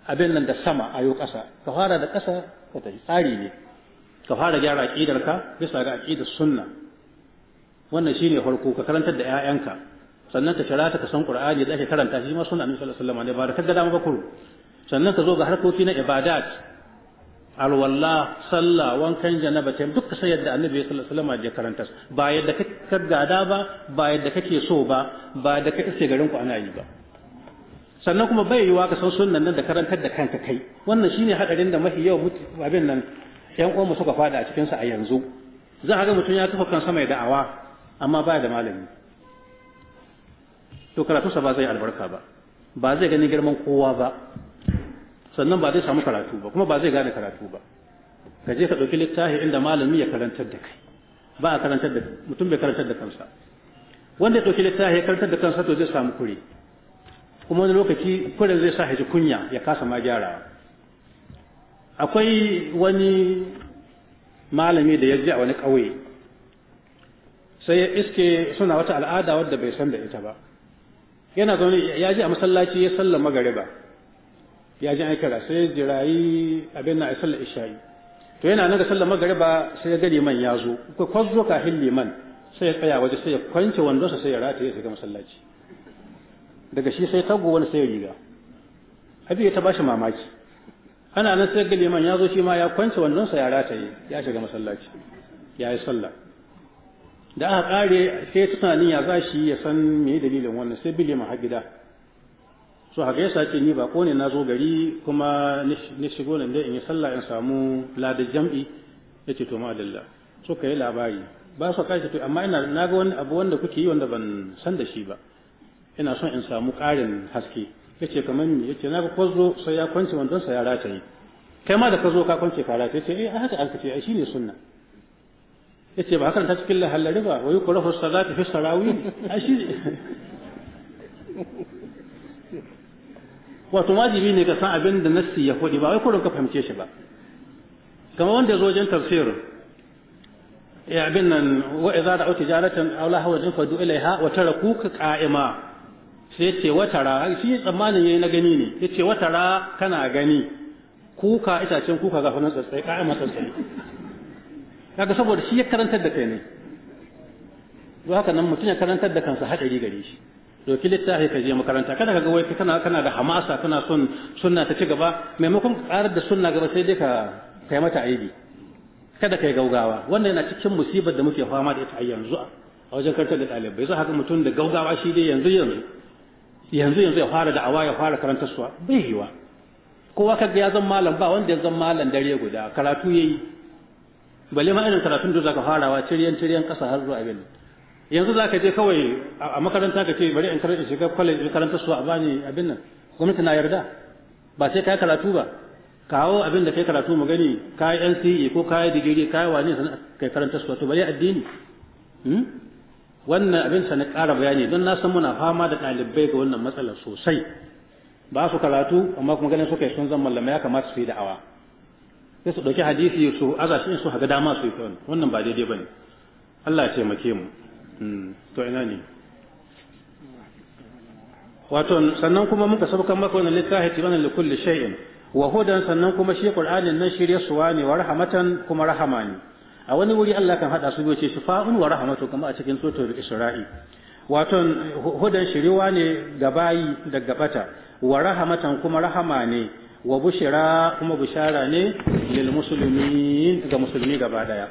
A: abin nan da sama a yau ƙasa ka fara da ƙasa ka tsari ne ka fara gyara aƙidar ka bisa ga aƙidar sunna wannan shine farko ka karantar da 'ya'yanka sannan ka shirata ka san qur'ani da ake karanta shi ma sunna annabi sallallahu alaihi wasallam ba da dama ba sannan ka zo ga harkoki na ibadat alwalla sallah wankan janaba ta duk sai yadda annabi sallallahu alaihi wasallam ya karanta ba yadda ka gada ba ba yadda kake so ba ba yadda ka iske garin ku ana yi ba sannan kuma bai yiwa ka san sunan nan da karantar da kanka kai wannan shine hadarin da mafi yawa abin nan yan uwanmu suka fada a cikin sa a yanzu za ga mutum ya kafa kansa mai da'awa amma baya da malami to sa ba zai albarka ba ba zai gani girman kowa ba sannan ba zai samu karatu ba kuma ba zai gane karatu ba ka je ka ɗauki littafi inda malami ya karantar da kai ba a karantar da mutum bai karantar da kansa wanda ya ɗauki littafi ya karantar da kansa to zai samu kure kuma wani lokaci kuren zai sa haji kunya ya kasa ma gyara akwai wani malami da ya ji a wani ƙauye sai ya iske suna wata al'ada wadda bai san da ita ba yana zaune ya ji a masallaci ya sallar magariba ya ji an kira sai jirayi abin na a sallar isha'i to yana nan da sallar magariba sai ya gani man ya zo ko ka hin man sai ya tsaya waje sai ya kwance wandonsa sai ya rataye ya shiga masallaci daga shi sai tago wani sai riga abi ta bashi mamaki ana nan sai ga liman ya zo shi ma ya kwance wannan sa ya rataye ya shiga masallaci ya yi sallah da aka kare sai tunanin ya za shi ya san me dalilin wannan sai bi liman har gida so haka yasa ce ni ba ko ne na zo gari kuma ni shigo nan dai in yi sallah in samu ladan jam'i yace to ma'adalla so kai labari ba su kashi to amma ina na ga wani abu wanda kuke yi wanda ban san da shi ba ina son in samu ƙarin haske yace kamar ni yace na ga kwazo sai ya kwance wandon ya rataye kai ma da ka zo ka kwance ka rataye yace eh haka an kace ai shine sunna yace ba hakan ta cikin lahallari ba wai ku rafu salati fi sarawi ai shi wato wajibi ne ka san abin da nassi ya faɗi ba wai kurin ka fahimce shi ba kamar wanda ya zo wajen tafsir ya eh, abin nan wa idza da'u tijaratan aw la hawa fadu ilaiha wa tarakuka qa'ima sai ce wata ra shi tsammanin yayi na gani ne yace ra. kana gani kuka itacen kuka ga fannin tsatsai ka'a ma tsatsai kaga saboda shi ya karantar da kai ne don haka nan mutum ya karantar da kansa haɗari gare shi doki littafi ka je makaranta kada ka ga wai kana kana da hamasa kana son sunna ta ci gaba maimakon karar da sunna gaba sai dai ka kai mata aibi kada kai gaugawa wannan yana cikin musibar da muke fama da ita a yanzu a wajen karantar da ɗalibai za haka mutum da gaugawa shi dai yanzu yanzu yanzu yanzu ya fara da'awa ya fara karanta suwa bai yiwa kowa kaga ya zan malam ba wanda ya zan malam dare guda karatu yayi balle ma irin karatun da zaka farawa ciryan ciryan kasa har zuwa abin yanzu zaka je kawai a makaranta ka ce bari in karanta shiga college in karanta suwa a bani abin nan gwamnati na yarda ba sai kai karatu ba kawo abin da kai karatu mu gani kai NCE ko kai digiri kai wani kai karanta suwa to bari addini hmm? wannan abin sa na ƙara bayani don na san muna fama da ɗalibai ga wannan matsalar sosai ba su karatu amma kuma ganin suka yi sun zama malamai ya kamata su yi da'awa sai su ɗauki hadisi su aza shi su haga dama su yi kawai wannan ba daidai ba ne Allah ya taimake mu hmm, to ina ne wato sannan kuma muka sabukan maka wannan littafi tibanan li kulli shay'in wa hudan sannan kuma shi qur'anin nan shirye suwa ne wa rahmatan kuma rahama ne a wani wuri Allah kan hada su biyu ce shifa'un wa rahmatu kama a cikin suratul isra'i wato hudan shiriwa ne ga bayi da gabata wa rahmatan kuma rahama ne wa bushira kuma bushara ne lil muslimin ga musulmi gaba daya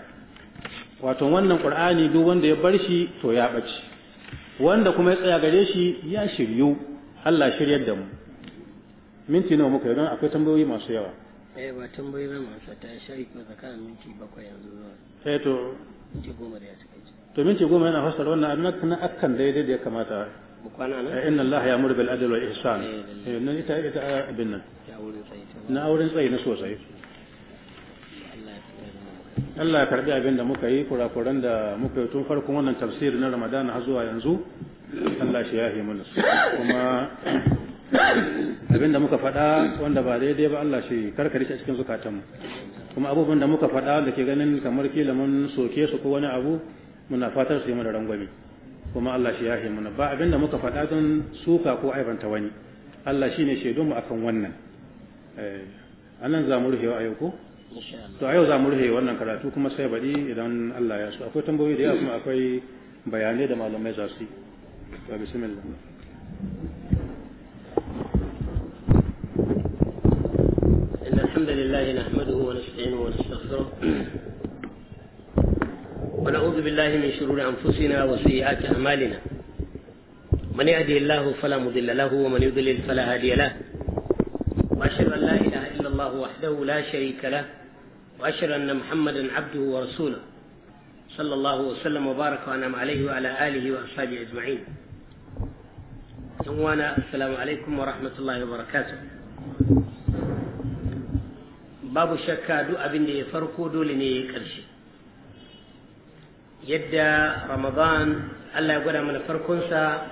A: wato wannan qur'ani duk wanda ya bar shi to ya bace wanda kuma ya tsaya gare shi ya shiryu Allah shiryar da mu minti nawa muka yi don akwai tambayoyi masu yawa
D: eh ba tambayi ba mu ta shari ko zaka minti bakwai yanzu zuwa eh to minti
C: goma da ya cika
A: to minti goma yana fassara wannan annak na akan daidai da ya kamata mu kwana nan eh, inna allaha ya'muru bil adli wal ihsan eh, eh nan ita ita abin nan na auren tsayi na sosai Allah ya karbi abin da muka yi kurakuran da muka yi tun farkon wannan tafsir na Ramadan har zuwa yanzu Allah shi yahe mana kuma abinda muka faɗa wanda ba daidai ba Allah shi karkari shi a cikin zukatanmu kuma abubuwan da muka faɗa da ke ganin kamar kila mun soke su ko wani abu muna fatar su yi da rangwame kuma Allah shi yahe muna ba abinda muka faɗa don suka ko aibanta wani Allah shi ne shaidu mu akan wannan eh, a nan za mu rufe wa yau ko to a yau za mu rufe wannan karatu kuma sai baɗi idan Allah ya so akwai tambayoyi da yawa kuma akwai bayanai da malamai za su yi bismillah
D: الحمد لله نحمده ونستعينه ونستغفره ونعوذ بالله من شرور أنفسنا وسيئات أعمالنا من يهده الله فلا مضل له ومن يضلل فلا هادي له وأشهد أن لا إله إلا الله وحده لا شريك له وأشهد أن محمدا عبده ورسوله صلى الله وسلم وبارك وأنعم عليه وعلى آله وأصحابه أجمعين السلام عليكم ورحمة الله وبركاته babu shakka duk abin da ya farko dole ne ya ƙarshe yadda ramadan allah ya gwada mana farkonsa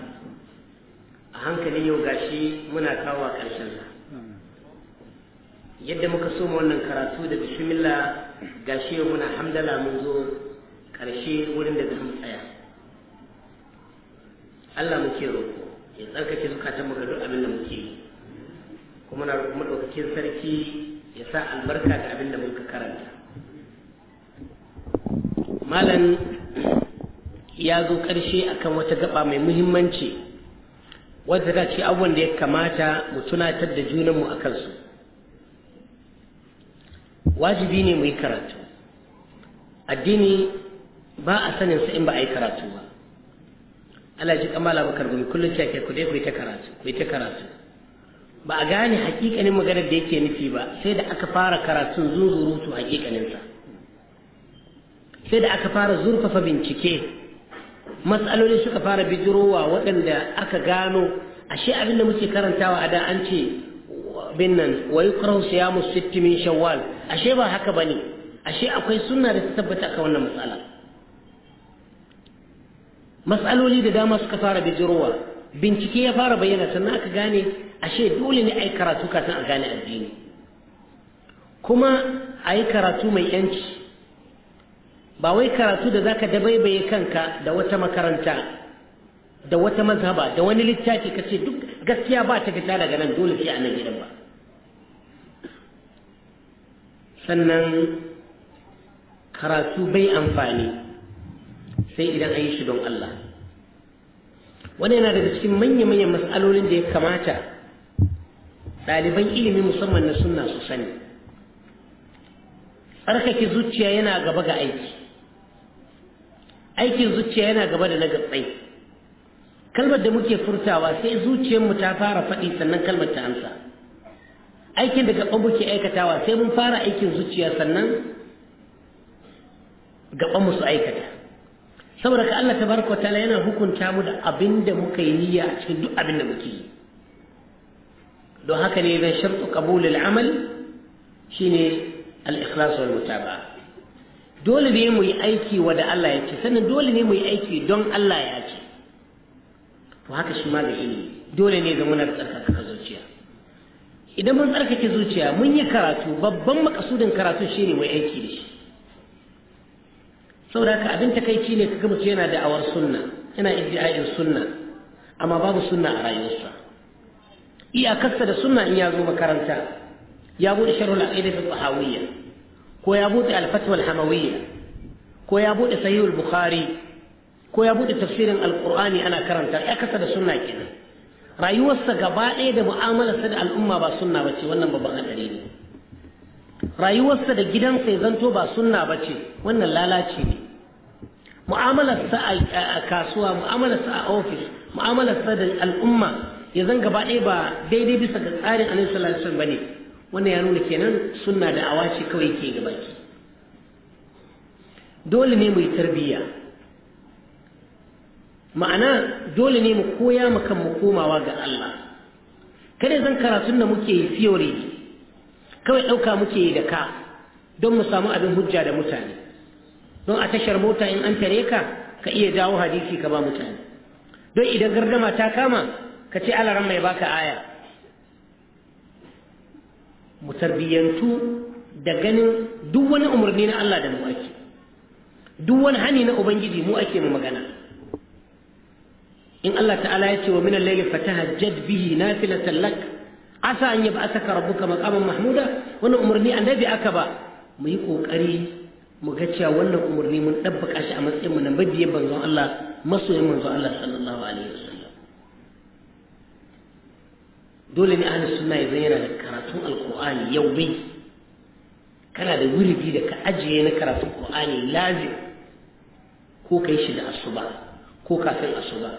D: a hankali yau gashi muna kawo sa. yadda muka soma wannan karatu da bismillah gashi yau muna hamdala mun zo ƙarshe wurin da zamu tsaya allah muke roƙo ya tsarkake zukatan mu ga duk abin da muke yi kuma na roƙo maɗaukakin sarki ya sa albarka da abin da muka karanta malam ya zo ƙarshe akan wata gaba mai muhimmanci wadda ta ce abubuwan da ya kamata mu tunatar da junanmu a kansu wajibi ne mu yi karatu addini ba a sanin sa in ba a yi karatu ba Allah ji kamala bakar gumi kullum ce ke ku dai ku yi ta karatu ku yi ta karatu ba a gane hakikanin maganar da yake nufi ba sai da aka fara karatun zuzurutu hakikaninsa sai da aka fara zurfafa bincike matsaloli suka fara bijirowa waɗanda aka gano ashe abin da muke karantawa a da an ce bin nan wa yukrahu min shawwal ashe ba haka ba ne, ashe akwai suna da ta tabbata ka wannan matsala matsaloli da dama suka fara bijirowa bincike ya fara bayyana sannan aka gane ashe dole ne a yi karatu kafin a gane addini kuma a yi karatu mai yanci ba wai karatu da zaka dabaibaye kanka da wata makaranta da wata mazhaba da wani littafi kace duk gaskiya ba ta fita daga nan dole sai a nan gidan ba sannan karatu bai amfani sai idan an yi shi don Allah wani yana daga cikin manya-manyan matsalolin da ya kamata ɗaliban ilimin musamman na sunna su sani tsarkake zuciya yana gaba ga aiki aikin zuciya yana gaba da na kalmar da muke furtawa sai zuciyarmu ta fara faɗi sannan kalmar ta amsa aikin da gaban muke aikatawa sai mun fara aikin zuciya sannan gaban mu su aikata saboda ka Allah ta tabaraka ta'ala yana hukunta mu da abin da muka yi niyya a cikin duk abin da muke yi don haka ne zan shartu qabulul amal shine al-ikhlas wal dole ne mu yi aiki wa da Allah ya ce sannan dole ne mu yi aiki don Allah ya ce to haka shi ma ga ilimi dole ne zama na tsarkaka zuciya idan mun tsarkake zuciya mun yi karatu babban makasudin karatu shine mai aiki da shi saboda haka abin takaici ne ka mutum yana da'awar sunna yana iddiayin sunna amma babu sunna a rayuwarsa يا كسر السنة إن يازو مكرنتا يا أبو إشر العقيدة الطحاوية كو يا أبو الفتوى الحموية كو يا أبو صحيح البخاري كو يا أبو تفسير القرآن أنا كرنتا يا كسر السنة كنا رأيو السقباء إذا إيه معاملة سد الأمة بسنة بتي ولا ما بغنى دليل رأيو السد جدام سيزنتو بسنة بتي ولا لا لا تشيني معاملة سأ كاسوا معاملة سأ أوفيس معاملة سد الأمة ya zan gaba ɗaya ba daidai bisa ga tsarin annabi sallallahu alaihi wasallam bane wannan ya nuna kenan sunna da awaci kawai ke gaba ki dole ne mu yi tarbiyya ma'ana dole ne mu koya mu kan mu komawa ga Allah kada zan karatun da muke yi theory kawai ɗauka muke yi da ka don mu samu abin hujja da mutane don a tashar mota in an tare ka ka iya dawo hadisi ka ba mutane don idan gardama ta kama kace Allah ran mai baka aya mu tarbiyyantu da ganin duk wani umarni na Allah da mu ake duk wani hani na ubangiji mu ake mu magana in Allah ta'ala ya ce wa min al-layli fatahajjad bihi nafilatan lak asa an yab'athaka rabbuka maqaman mahmuda wani umarni annabi aka ba mu yi kokari mu ga cewa wannan umarni mun dabbaka shi a matsayin mu na mabiyin manzon Allah masoyin manzon Allah sallallahu alaihi wasallam dole ne ahli sunna ya zai yana da karatun yau yaumi kana da wuridi da ka ajiye na karatun qur'ani lazim ko kai shi da asuba ko kafin asuba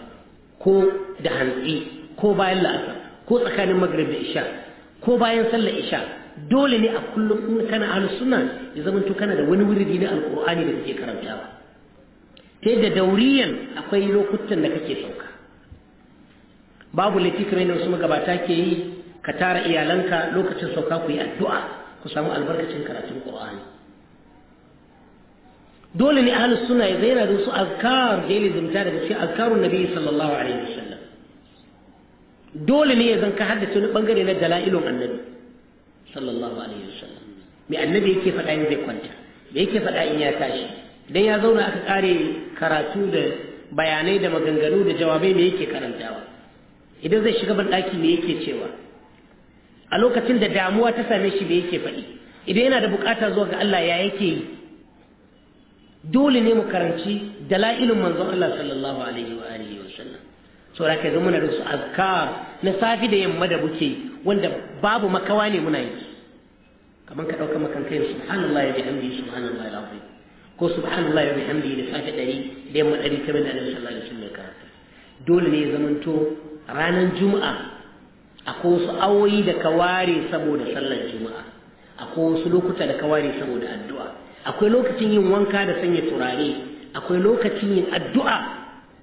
D: ko da hantsi ko bayan la'asar ko tsakanin maghrib da isha ko bayan sallar isha dole ne a kullum in kana ahli sunna ya zama to kana da wani wuridi na alqur'ani da kake karantawa ta yadda dauriyan akwai lokutan da kake sauka babu laifi kamar yadda wasu magabata ke yi ka tara iyalanka lokacin sauka ku yi addu'a ku samu albarkacin karatun qur'ani dole ne ahlus sunna ya zaina da wasu azkar da ya lizimta daga cikin azkarun nabi sallallahu alaihi wasallam dole ne ya ka haddace wani bangare na dalailun annabi sallallahu alaihi wasallam me annabi yake faɗa in zai kwanta me yake faɗa in ya tashi idan ya zauna aka kare karatu da bayanai da maganganu da jawabai me yake karantawa idan zai shiga banɗaki me yake cewa a lokacin da damuwa ta same shi me yake faɗi idan yana da bukata zuwa ga Allah ya yake yi dole ne mu karanci dala'ilin manzon Allah sallallahu alaihi wa alihi wa sallam so da kai muna da su azkar na safi da yamma da buke wanda babu makawa ne muna yi kamar ka dauka makan kai subhanallahi wa bihamdihi subhanallahi alazim ko subhanallahi wa bihamdihi da safi dari da yamma dari kamar da Allah sallallahu alaihi wa sallam dole ne ya zamanto ranar juma'a akwai wasu awoyi da ka ware saboda sallar juma'a akwai wasu lokuta da ka ware saboda addu'a akwai lokacin yin wanka da sanya turare akwai lokacin yin addu'a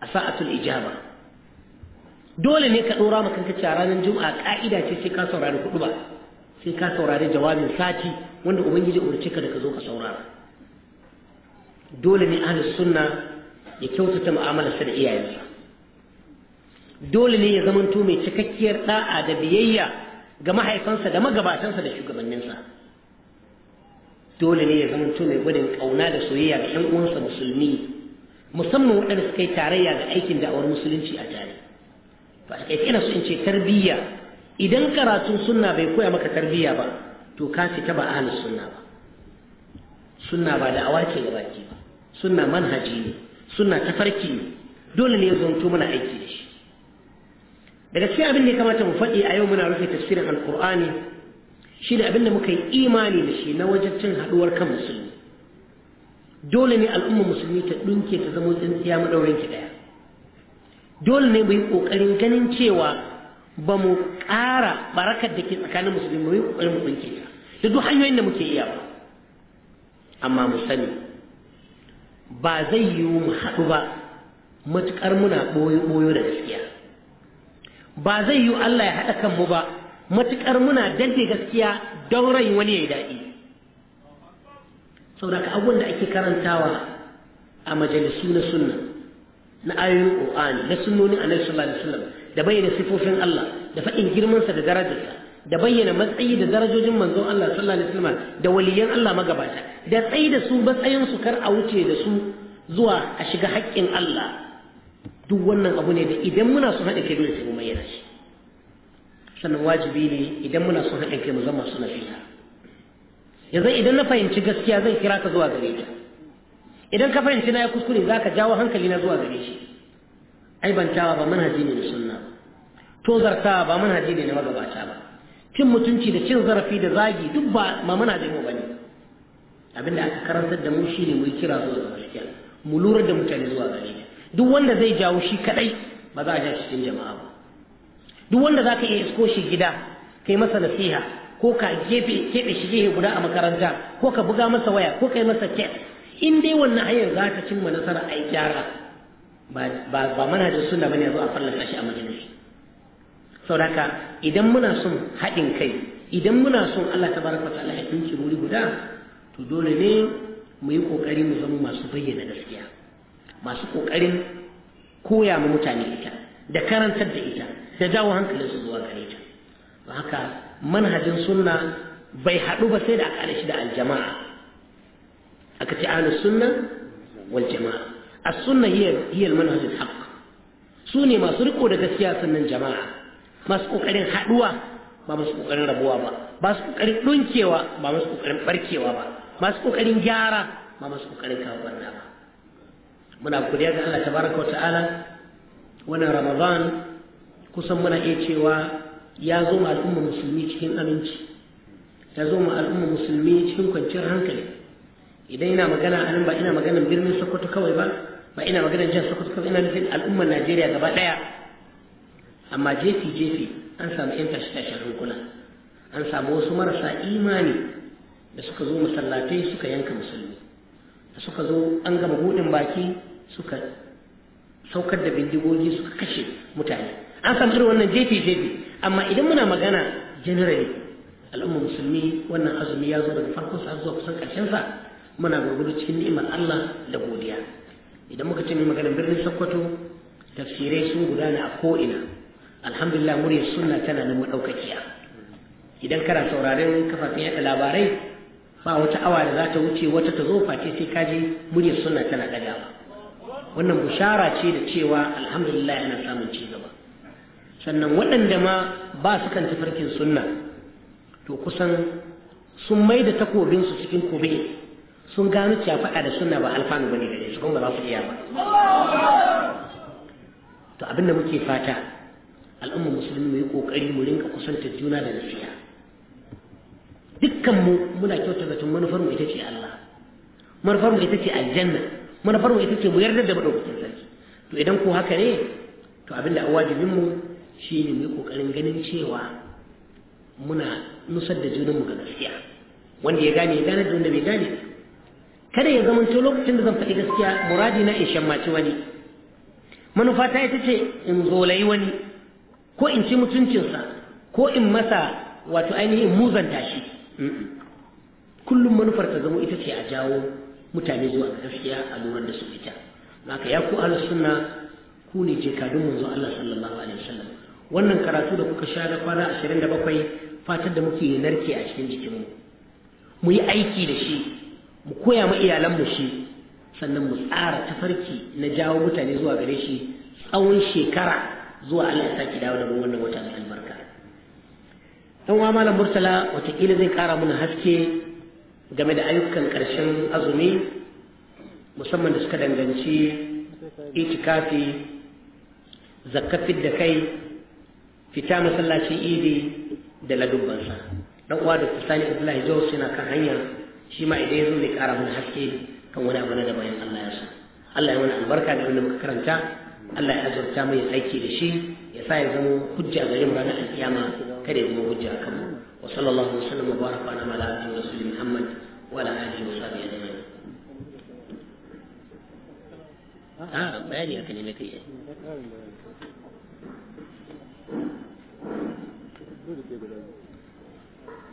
D: a sa'atul ijaba dole ne ka ɗora maka kanka cewa ranar juma'a ka'ida ce sai ka saurari kudu ba sai ka saurari jawabin sati wanda ubangiji umarce ka da ka zo ka saurara dole ne ahlus sunna ya kyautata mu'amalarsa da iyayensa dole ne ya zamanto mai cikakkiyar da'a da biyayya ga mahaifansa da magabatansa da shugabanninsa dole ne ya zamanto mai gudun ƙauna da soyayya ga 'yan uwansa musulmi musamman waɗanda suka yi tarayya ga aikin da'awar musulunci a tare to a kai ina so in ce tarbiyya idan karatun sunna bai koya maka tarbiyya ba to ka fita ba ahlus sunna ba sunna ba da ce gabaki ba sunna manhaji ne sunna tafarki ne dole ne ya zanto mana aiki da shi daga cikin abin da ya kamata mu faɗi a yau muna rufe tafsirin alkur'ani shi da abin da muka yi imani da shi na cin haɗuwar kan musulmi dole ne al'umma musulmi ta ɗunke ta zama tsintsiya maɗaurin ki ɗaya dole ne mu yi ƙoƙarin ganin cewa ba mu ƙara barakar da ke tsakanin musulmi mu yi ƙoƙarin mu ɗinke ta da duk hanyoyin da muke iya ba amma mu sani ba zai yiwu mu haɗu ba matuƙar muna ɓoye-ɓoye da gaskiya ba zai yi Allah ya haɗa kanmu ba matuƙar muna dande gaskiya don rai wani ya yi daɗi saboda ka da ake karantawa a majalisu na sunna na ayoyin ƙo'ani na sunnonin annabi sallallahu alaihi wasallam da bayyana sifofin Allah da faɗin girmansa da darajarsa da bayyana matsayi da darajojin manzon Allah sallallahu alaihi wasallam da waliyan Allah magabata da tsayi da su matsayin su kar a wuce da su zuwa a shiga haƙƙin Allah duk wannan abu ne da idan muna son haɗin kai dole sai mu bayyana shi sannan wajibi ne idan muna son haɗin kai mu zama masu nasiha yanzu idan na fahimci gaskiya zan kira ka zuwa gare ta idan ka fahimci na ya kuskure za ka jawo hankali na zuwa gare shi aibantawa ba manhaji ne na sunna zartawa ba manhaji ne na magabata ba cin mutunci da cin zarafi da zagi duk ba ma manhajin mu bane abinda aka karantar da mu shine mu kira zuwa gaskiya mu lura da mutane zuwa gare duk wanda zai jawo shi kadai ba za a ja cikin jama'a ba duk wanda za ka iya isko shi gida kai masa nasiha ko ka gefe keɓe shi gefe guda a makaranta ko ka buga masa waya ko ka yi masa kes in dai wannan hanyar za ta cimma nasara a yi gyara ba manhajin sunna bane zo a fallasa shi a majalisi sauraka idan muna son haɗin kai idan muna son Allah ta baraka Allah ya dinki wuri guda to dole ne mu yi kokari mu zama masu bayyana gaskiya masu ƙoƙarin koya ma mutane ita da karantar da ita da jawo su zuwa gare ta don haka manhajin sunna bai haɗu ba sai da aka shi da aljama'a aka ce ahlus sunna wal jama'a as-sunna hiya al-manhaj al-haqq su ne masu riko da gaskiya sannan jama'a masu ƙoƙarin haɗuwa ba masu ƙoƙarin rabuwa ba masu ƙoƙarin ɗunkewa ba masu ƙoƙarin ɓarkewa ba masu ƙoƙarin gyara ba masu ƙoƙarin kawo barna ba muna godiya ga Allah tabaraka ta'ala wannan ramadan kusan muna iya cewa ya zo ma al'umma musulmi cikin aminci ya zo ma al'umma musulmi cikin kwanciyar hankali idan ina magana anan ba ina maganar birnin sokoto kawai ba ba ina maganar jihar sokoto kawai ina nufin al'ummar najeriya gaba ɗaya amma jefi jefi an samu yan tashi tashi hankula an samu wasu marasa imani da suka zo masallatai suka yanka musulmi da suka zo an gama buɗin baki suka saukar da bindigogi suka kashe mutane an san irin wannan jefi jefi amma idan muna magana generally al'ummar musulmi wannan azumi ya zo daga farkon sa zuwa kusan karshen sa muna gurguru cikin ni'imar Allah da godiya idan muka ce mai magana birnin Sokoto tafsirai sun gudana a ko ina alhamdulillah muryar sunna tana nan madaukakiya idan kana sauraren kafafen yada labarai ba wata awa da za ta wuce wata ta zo face sai kaji muryar sunna tana ɗagawa wannan bushara ce da cewa alhamdulillah yana samun ci gaba sannan waɗanda ma ba su kan tafarkin sunna to kusan sun mai da takobinsu cikin kobe sun gano cewa faɗa da sunna ba alfanu bane gare su kuma ba za su iya ba to abinda muke fata al'ummar musulmi mu yi kokari mu rinka kusantar juna da nasiha dukkan mu muna kyauta batun manufar mu ita ce Allah manufar mu ita ce aljanna manufar mu ita ce mu yarda da madaukakin sarki to idan ko haka ne to abin da wajibin mu shine mu yi kokarin ganin cewa muna nusar da junanmu ga gaskiya wanda ya gane ya gane da wanda bai gane kada ya zama to lokacin da zan faɗi gaskiya muradi na in shammaci wani manufa ta ita ce in zolayi wani ko in ci mutuncinsa ko in masa wato ainihin muzanta shi kullum manufar ta zama ita ce a jawo mutane zuwa ga gaskiya a lura da su fita haka ya ku ala sunna ku ne jakadun manzo Allah sallallahu alaihi wasallam wannan karatu da kuka sha da kwana 27 fatar da muke narke a cikin jikinmu mu yi aiki da shi mu koya ma iyalanmu shi sannan mu tsara tafarki na jawo mutane zuwa gare shi tsawon shekara zuwa Allah ya saki dawo da wannan wata albarka dan wa malam murtala wataƙila zai ƙara mana haske game da ayyukan ƙarshen azumi musamman da suka danganci itikafi zakafin da kai fita masallacin idi da ladubbansa dan uwa da sani abdullahi jos suna kan hanya shi ma idan ya zo mai ƙara mana haske kan wani abu na da bayan allah ya sa. allah ya wani albarka da wanda muka karanta allah ya azurta mai aiki da shi ya sa ya zama hujja garin mu ranar alkiyama kada ya zama hujja kan mu وصلى الله وسلم وبارك على عبده ورسوله محمد وعلى اله وصحبه اجمعين.
C: اه بياني كلمتي فيه.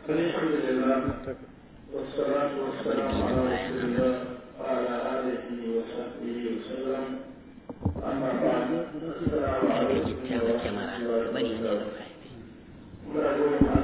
C: الله والصلاة والسلام على رسول الله وعلى آله وصحبه وسلم أما بعد السلام عليكم ورحمة الله وبركاته.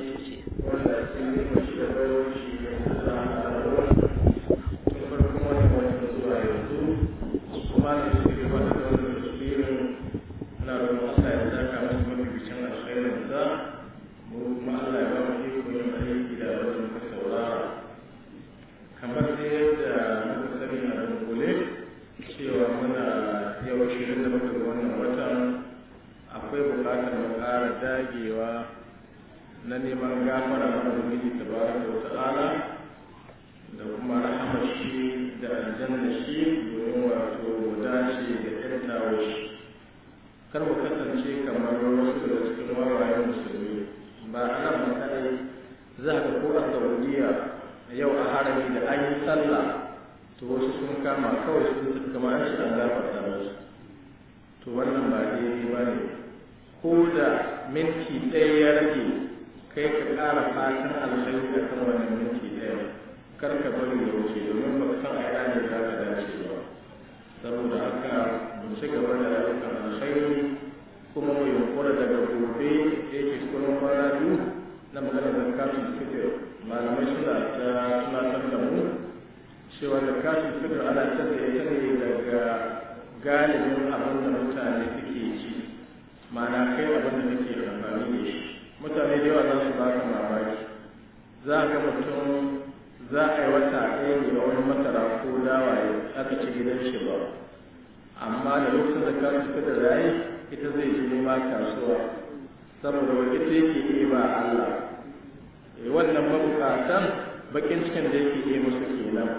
C: bakin cikin da yake yi musu kenan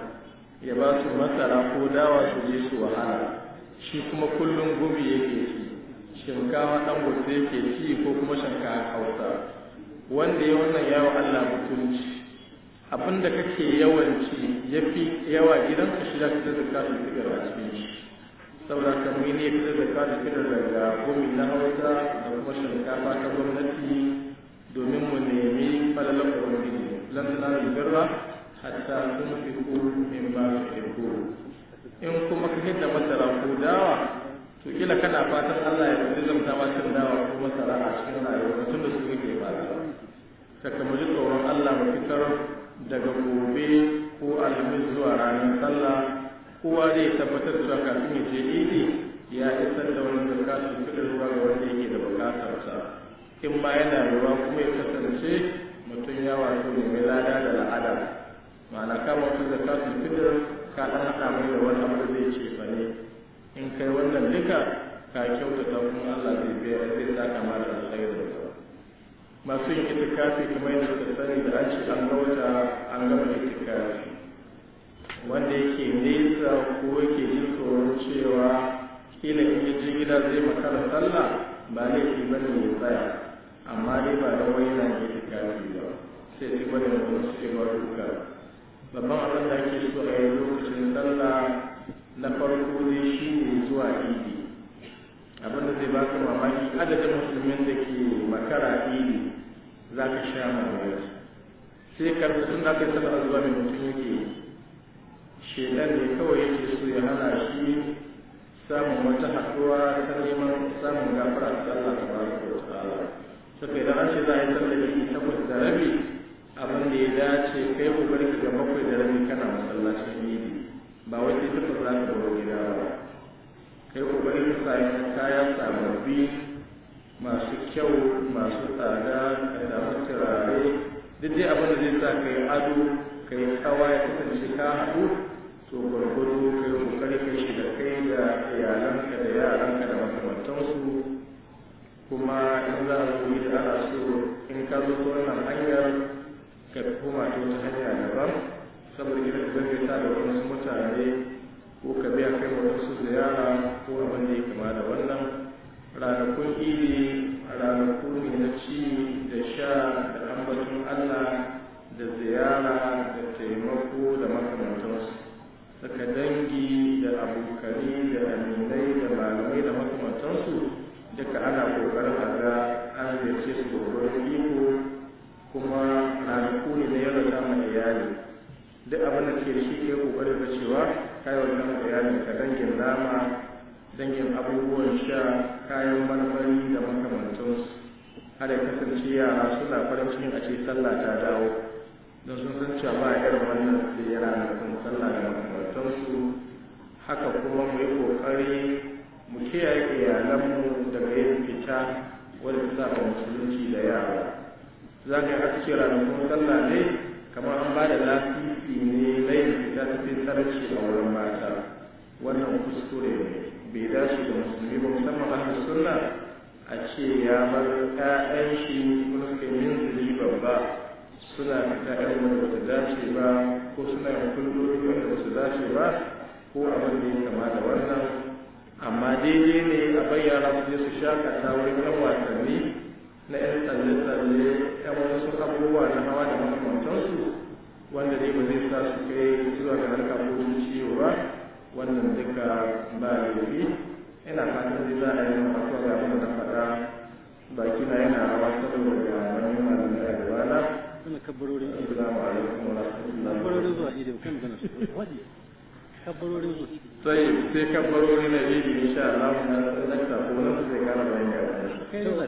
C: ya ba su masara ko dawa su je su wahala shi kuma kullum gobe yake ci shinkawa dan wasu yake ci ko kuma shinkawa hausa wanda ya wannan yawo Allah mutunci abinda kake yawan ci yafi yawa ka shi za ka zaka da sigar a cikin shi saboda ka mu ne fitar da kada daga gobe na hausa da kuma shinkafa ta gwamnati domin mu nemi falalar gwamnati lan tanalu birra hatta tunfiqu mimma tuhibbun in kuma ka hidda masara ko dawa to kila kana fatan Allah ya rizumta ma cin dawa ko masara a cikin rayuwa tun da su kake ba ta kamar tsoron Allah mu fitar daga gobe ko alhamis zuwa ranar sallah kowa zai tabbatar da kafin ya je idi ya isar da wani zakatun fitar ruwa ga wanda yake da bukatarsa in ma yana ruwa kuma ya kasance yawa ya wato nemi lada da la'ada ma'ana ka wato zakatul fitar ka dan hada mai da wani abu zai ce fa in kai wannan duka ka kyautata kuma Allah zai biya zai saka ma da alkhairi da masu yin itikafi kamar yadda suka sani da an ci an ga an gama itikafi wanda yake nesa ko yake jin tsoron cewa kila in ya je gida zai makara sallah ba laifi bane ya tsaya amma dai ba da wani yana ke fika ba sai dai wani da wani ba da duka babban abin da ake so a yi lokacin sallah na farko ne shi ne zuwa idi abin da zai ba ka mamaki adadin musulmin da ke makara idi za ka sha mamaki sai karfi sun da ka sallah zuwa mai mutum yake shekar ne kawai yake so ya hana shi samun wata haɗuwa ta neman samun gafara ta Allah ta ba ta suka yi za a yi da jami'i saboda da rabi abin da ya dace kai kokarin ga bakwai da rabi kana masallaci ne ba wai sai takwas za ka dawo gida ba kai kokarin ka sami kayan sababbi masu kyau masu tsada da masu turare duk dai abin da zai sa ka ado ka yi tsawa ya kasance ka haɗu to gwargwaro kai kokari kai shi da kai da iyalanka da yaranka da makamantansu kuma in za a yi da ana so in ka zo ta wannan hanyar ka koma ta wata hanya daban saboda idan ka zai ta da wasu mutane ko ka biya kai wasu ziyara ko wanda ya kama da wannan ranakun ili ranakun ne na ci da sha da ambatun allah da ziyara da taimako da makamantarsu saka dangi da abokane ana kokarin a ga an zance su gwargwaron iko kuma ranaku ne na yau da samun iyali duk abin da ke da shi ke kokarin da cewa kayan wannan iyali, ka dangin nama dangin abubuwan sha kayan marmari da makamantansu har da kasance yara suna farin cikin a ce sallah ta dawo don sun san cewa ba irin wannan sai yana da sallah da makamantansu haka kuma mu yi kokari mu kiyaye iyalanmu daga yin fita wanda ta ba musulunci da yara za ka yi aske kuma sallah ne kamar an ba da lasisi ne na yin fita ta fi sarki a wurin mata wannan kuskure ne bai dace da musulmi ba musamman a sunna a ce ya bar ƴaƴan shi kuma suka yi min babba suna fita ƴan wanda ba dace ba ko suna yin kullum wanda ba su dace ba ko abin da ya kama da wannan amma daidai ne a bayyana su je su shakata wurin yan wasanni na yan tsalle-tsalle yan wasu abubuwa na hawa da makamantansu wanda dai ba zai sa su kai zuwa ga harka ko ciwo ba wannan duka ba laifi ina fatan dai za a yi masu ga abin da faɗa baki na yana rawa saboda ga wani malamin da gabana. Suna kabbarorin ido. Assalamu alaikum wa rahmatullahi wa zuwa kan gana su. sai sai na yi in sha Allah na tsallaka ko na sai kana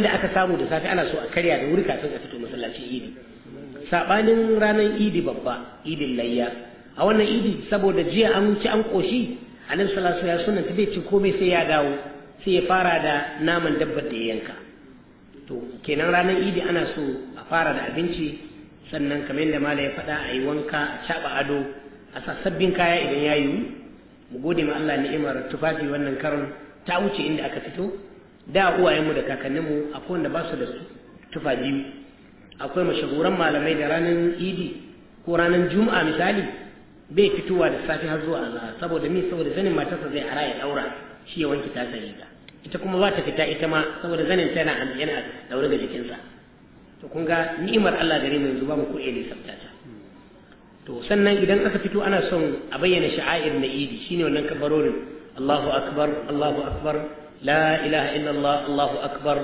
D: da aka samu da safe ana so a karya da wuri kafin a fito masallacin idi sabanin ranar idi babba idin layya a wannan idi saboda jiya an ci an koshi annabi sallallahu alaihi wasallam ya sunanta bai ci komai sai ya dawo sai ya fara da naman dabbar da ya yanka to kenan ranar idi ana so a fara da abinci sannan kamar yadda mala ya faɗa a yi wanka a caɓa ado a sa sabbin kaya idan ya yiwu mu gode ma Allah ni'imar tufafi wannan karon ta wuce inda aka fito da uwayenmu da kakanninmu akwai wanda ba su da tufa biyu akwai mashahuran malamai da ranar idi ko ranar juma'a misali bai fitowa da safe har zuwa azhar saboda min saboda zanin matarsa zai ara ya daura shi ya wanke ta sai ta ita kuma ba ta fita ita ma saboda zanin tana yana daure da jikinsa to kun ga ni'imar Allah gare mu yanzu ba mu ko ne sabta to sannan idan aka fito ana son a bayyana sha'air na idi shine wannan kabarorin Allahu akbar Allahu akbar la ilaha illallah Allahu akbar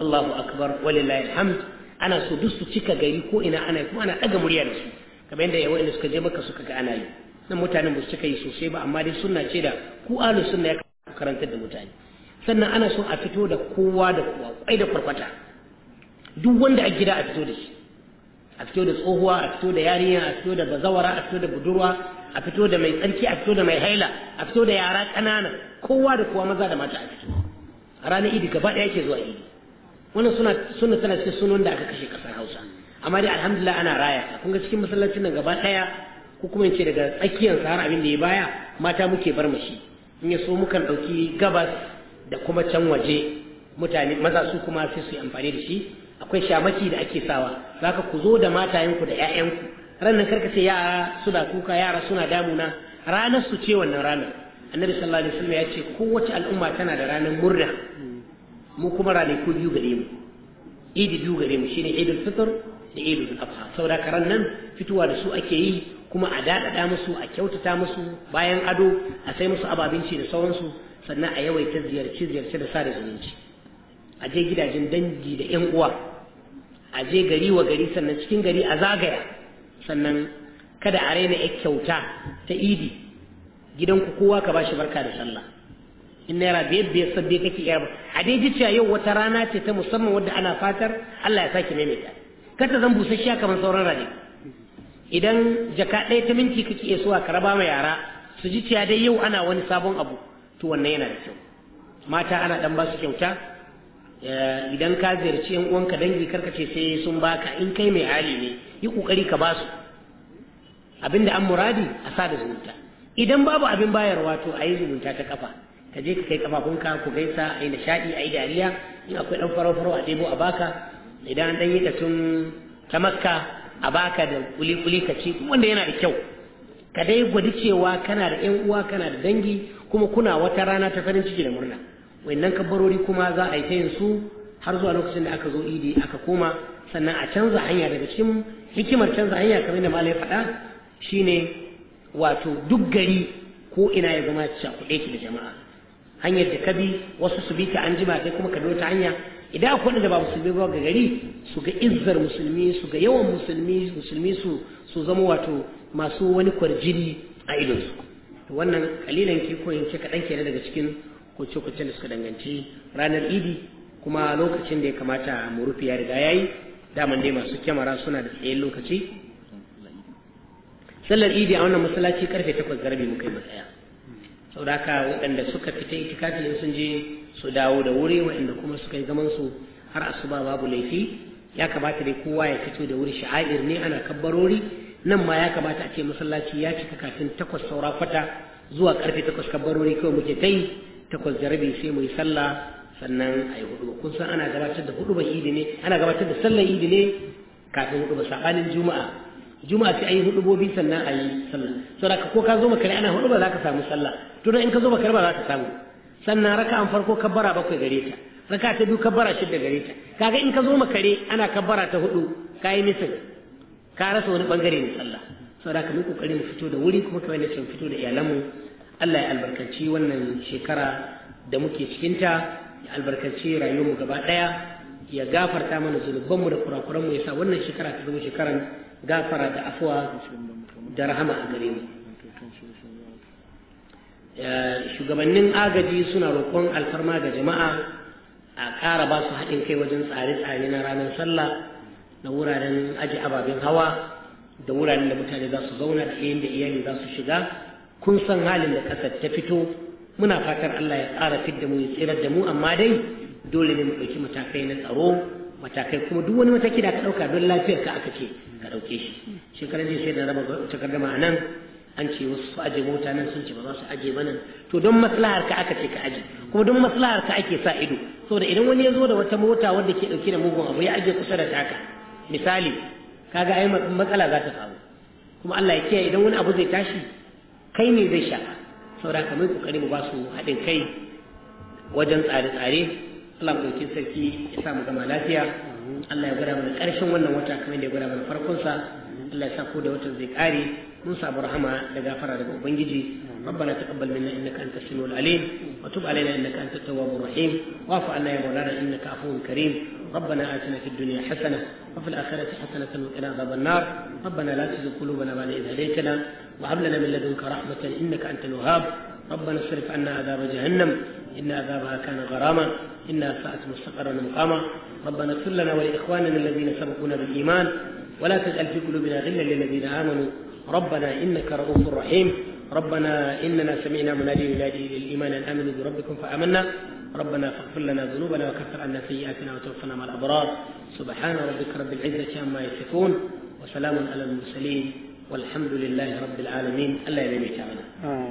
D: Allahu akbar walillahi alhamd ana so duk su cika gari ko ina ana kuma ana ɗaga murya da su kamar yadda yawa inda suka je maka suka ga ana yi nan mutanen ba su cika yi sosai ba amma dai sunna ce da ku alu sunna ya karantar da mutane sannan ana so a fito da kowa da kowa kwai da farfata duk wanda a gida a fito da shi a fito da tsohuwa a fito da yarinya a fito da bazawara a fito da budurwa a fito da mai tsarki a fito da mai haila a fito da yara kanana kowa da kowa maza da mata a fito a ranar idi gaba ɗaya yake zuwa idi wannan suna suna tana cikin sunan da aka kashe kasar hausa amma dai alhamdulillah ana raya kun ga cikin masallacin nan gaba ɗaya ko kuma ce daga tsakiyar har abin da ya baya mata muke bar mashi in ya so mukan ɗauki gabas da kuma can waje mutane maza su kuma sai su yi amfani da shi akwai shamaki da ake sawa za ka ku zo da matayenku da 'ya'yanku ranar karka ce yara suna kuka yara suna damuna ranar su ce wannan ranar annabi sallallahu alaihi wasallam ya ce kowace al'umma tana da ranar murna mu kuma ranaku biyu gare mu idi biyu gare mu shine idul fitr da idul adha saboda karan nan fituwa da su ake yi kuma a dadada musu a kyautata musu bayan ado a sai musu ababinci da sauransu sannan a yawaita ziyarci ziyarci da sada zumunci a je gidajen dangi da yan uwa a je gari wa gari sannan cikin gari a zagaya sannan kada a raina kyauta ta idi Gidan ku kowa ka bashi barka da sallah in naira biyar biyar sabbi kake iya ba a dai ji cewa yau wata rana ce ta musamman wadda ana fatar Allah ya sake maimaita ta zan busasshiya kamar sauran rane idan jaka ɗaya ta minti kake iya suwa ka raba ma yara su ji cewa dai yau ana wani sabon abu to wannan yana da kyau mata ana dan basu kyauta eh, idan ka ziyarci yan uwanka dangi karka ce sai sun baka in kai mai hali ne yi kokari ka basu. abinda an muradi a sa da zumunta idan babu abin bayarwa to a yi zumunta ta kafa ka je ka kai kafafunka ku gaisa a yi nishaɗi a yi dariya in akwai ɗan farau farau a ɗebo a baka idan an yi tun ta makka a baka da kuli-kuli ka ci wanda yana da kyau ka dai gwadi cewa kana da ƴan uwa kana da dangi kuma kuna wata rana ta farin ciki da murna wayannan kabbarori kuma za a yi ta yin su har zuwa lokacin da aka zo idi aka koma sannan a canza hanya daga cikin hikimar canza hanya kamar da malai faɗa shine wato duk gari ko ina ya zama kuɗe ki da jama'a hanyar da ka bi wasu su bi ta an jima kai kuma ka bi wata hanya idan akwai wanda ba musulmi ba ga gari su ga izzar musulmi su ga yawan musulmi musulmi su su zama wato masu wani kwarjini a idonsu wannan kalilan ki koyin ke kaɗan kenan daga cikin kuce kuce da suka danganci ranar idi kuma lokacin da ya kamata mu rufe ya riga yayi daman dai masu kyamara suna da tsayin lokaci sallar idi a wannan masallaci karfe takwas garbi muka yi matsaya saboda haka waɗanda suka fita itikafi in sun je su dawo da wuri waɗanda kuma suka yi zaman su har asuba babu laifi ya kamata dai kowa ya fito da wuri sha'air ne ana kabbarori nan ma ya kamata a ce masallaci ya cika kafin takwas saura kwata zuwa karfe takwas kabbarori kawai muke kai takwas da sai mu yi sallah sannan a yi hudu kun san ana gabatar da ba idi ne ana gabatar da sallar idi ne kafin huɗu ba sabanin juma'a juma'a sai ayi hudubobi sannan ayi sallah saboda ko ka zo makare ana hudu ba za ka samu sallah to in ka zo makare ba za ka samu sannan an farko kabbara bakwai gare ta raka ta biyu kabbara shidda gare ta kaga in ka zo makare ana kabbara ta hudu yi misal ka rasa wani bangare na sallah saboda ka mu kokari mu fito da wuri kuma kamar yadda fito da iyalanmu Allah ya albarkaci wannan shekara da muke cikinta ya albarkaci rayuwarmu gaba daya ya gafarta mana zunubanmu da kurakuranmu ya sa wannan shekara ta zama shekaran gafara da afuwa da rahama a gare mu shugabannin agaji suna roƙon alfarma ga jama'a a ƙara ba su haɗin kai wajen tsare-tsare na ranar sallah na wuraren aji ababen hawa da wuraren da mutane za su zauna da yayin da iyali za su shiga kun san halin da ƙasar ta fito muna fatar allah ya ƙara fidda mu ya tsirar da mu amma dai dole ne mu ɗauki matakai na tsaro matakai kuma duk wani mataki da ka ɗauka don lafiyar ka aka ce ka ɗauke shi shekaran jiya sai da raba takardama a nan an ce wasu su aje mota nan sun ce ba za su aje ba nan to don maslahar ka aka ce ka aje kuma don maslahar ka ake sa ido saboda idan wani ya zo da wata mota wadda ke ɗauke da mugun abu ya ajiye kusa da taka misali kaga ai matsala za ta faru. kuma Allah ya kiyaye idan wani abu zai tashi kai ne zai sha saboda kamar kokari mu ba su haɗin kai wajen tsare-tsare Allah madaukin sarki ya samu gama lafiya Allah ya gwada mana ƙarshen wannan wata kamar da ya gwada mana farkon Allah ya sa ko da watan zai kare mun samu rahama da gafara daga ubangiji ربنا تقبل منا انك انت السميع العليم وتب علينا انك انت التواب الرحيم واعف عنا يا مولانا انك عفو كريم ربنا اتنا في الدنيا حسنه وفي الاخره حسنه وقنا عذاب النار ربنا لا تزغ قلوبنا بعد اذ هديتنا وهب لنا من لدنك رحمه انك انت الوهاب ربنا اصرف عنا عذاب جهنم إن عذابها كان غراما إنها ساءت مستقرا مقاما ربنا اغفر لنا ولإخواننا الذين سبقونا بالإيمان ولا تجعل في قلوبنا غلا للذين آمنوا ربنا إنك رؤوف رحيم ربنا إننا سمعنا منادي ينادي للإيمان أن آمنوا بربكم فآمنا ربنا فاغفر لنا ذنوبنا وكفر عنا سيئاتنا وتوفنا مع الأبرار سبحان ربك رب العزة عما يصفون وسلام على المرسلين والحمد لله رب العالمين الله يبارك آه.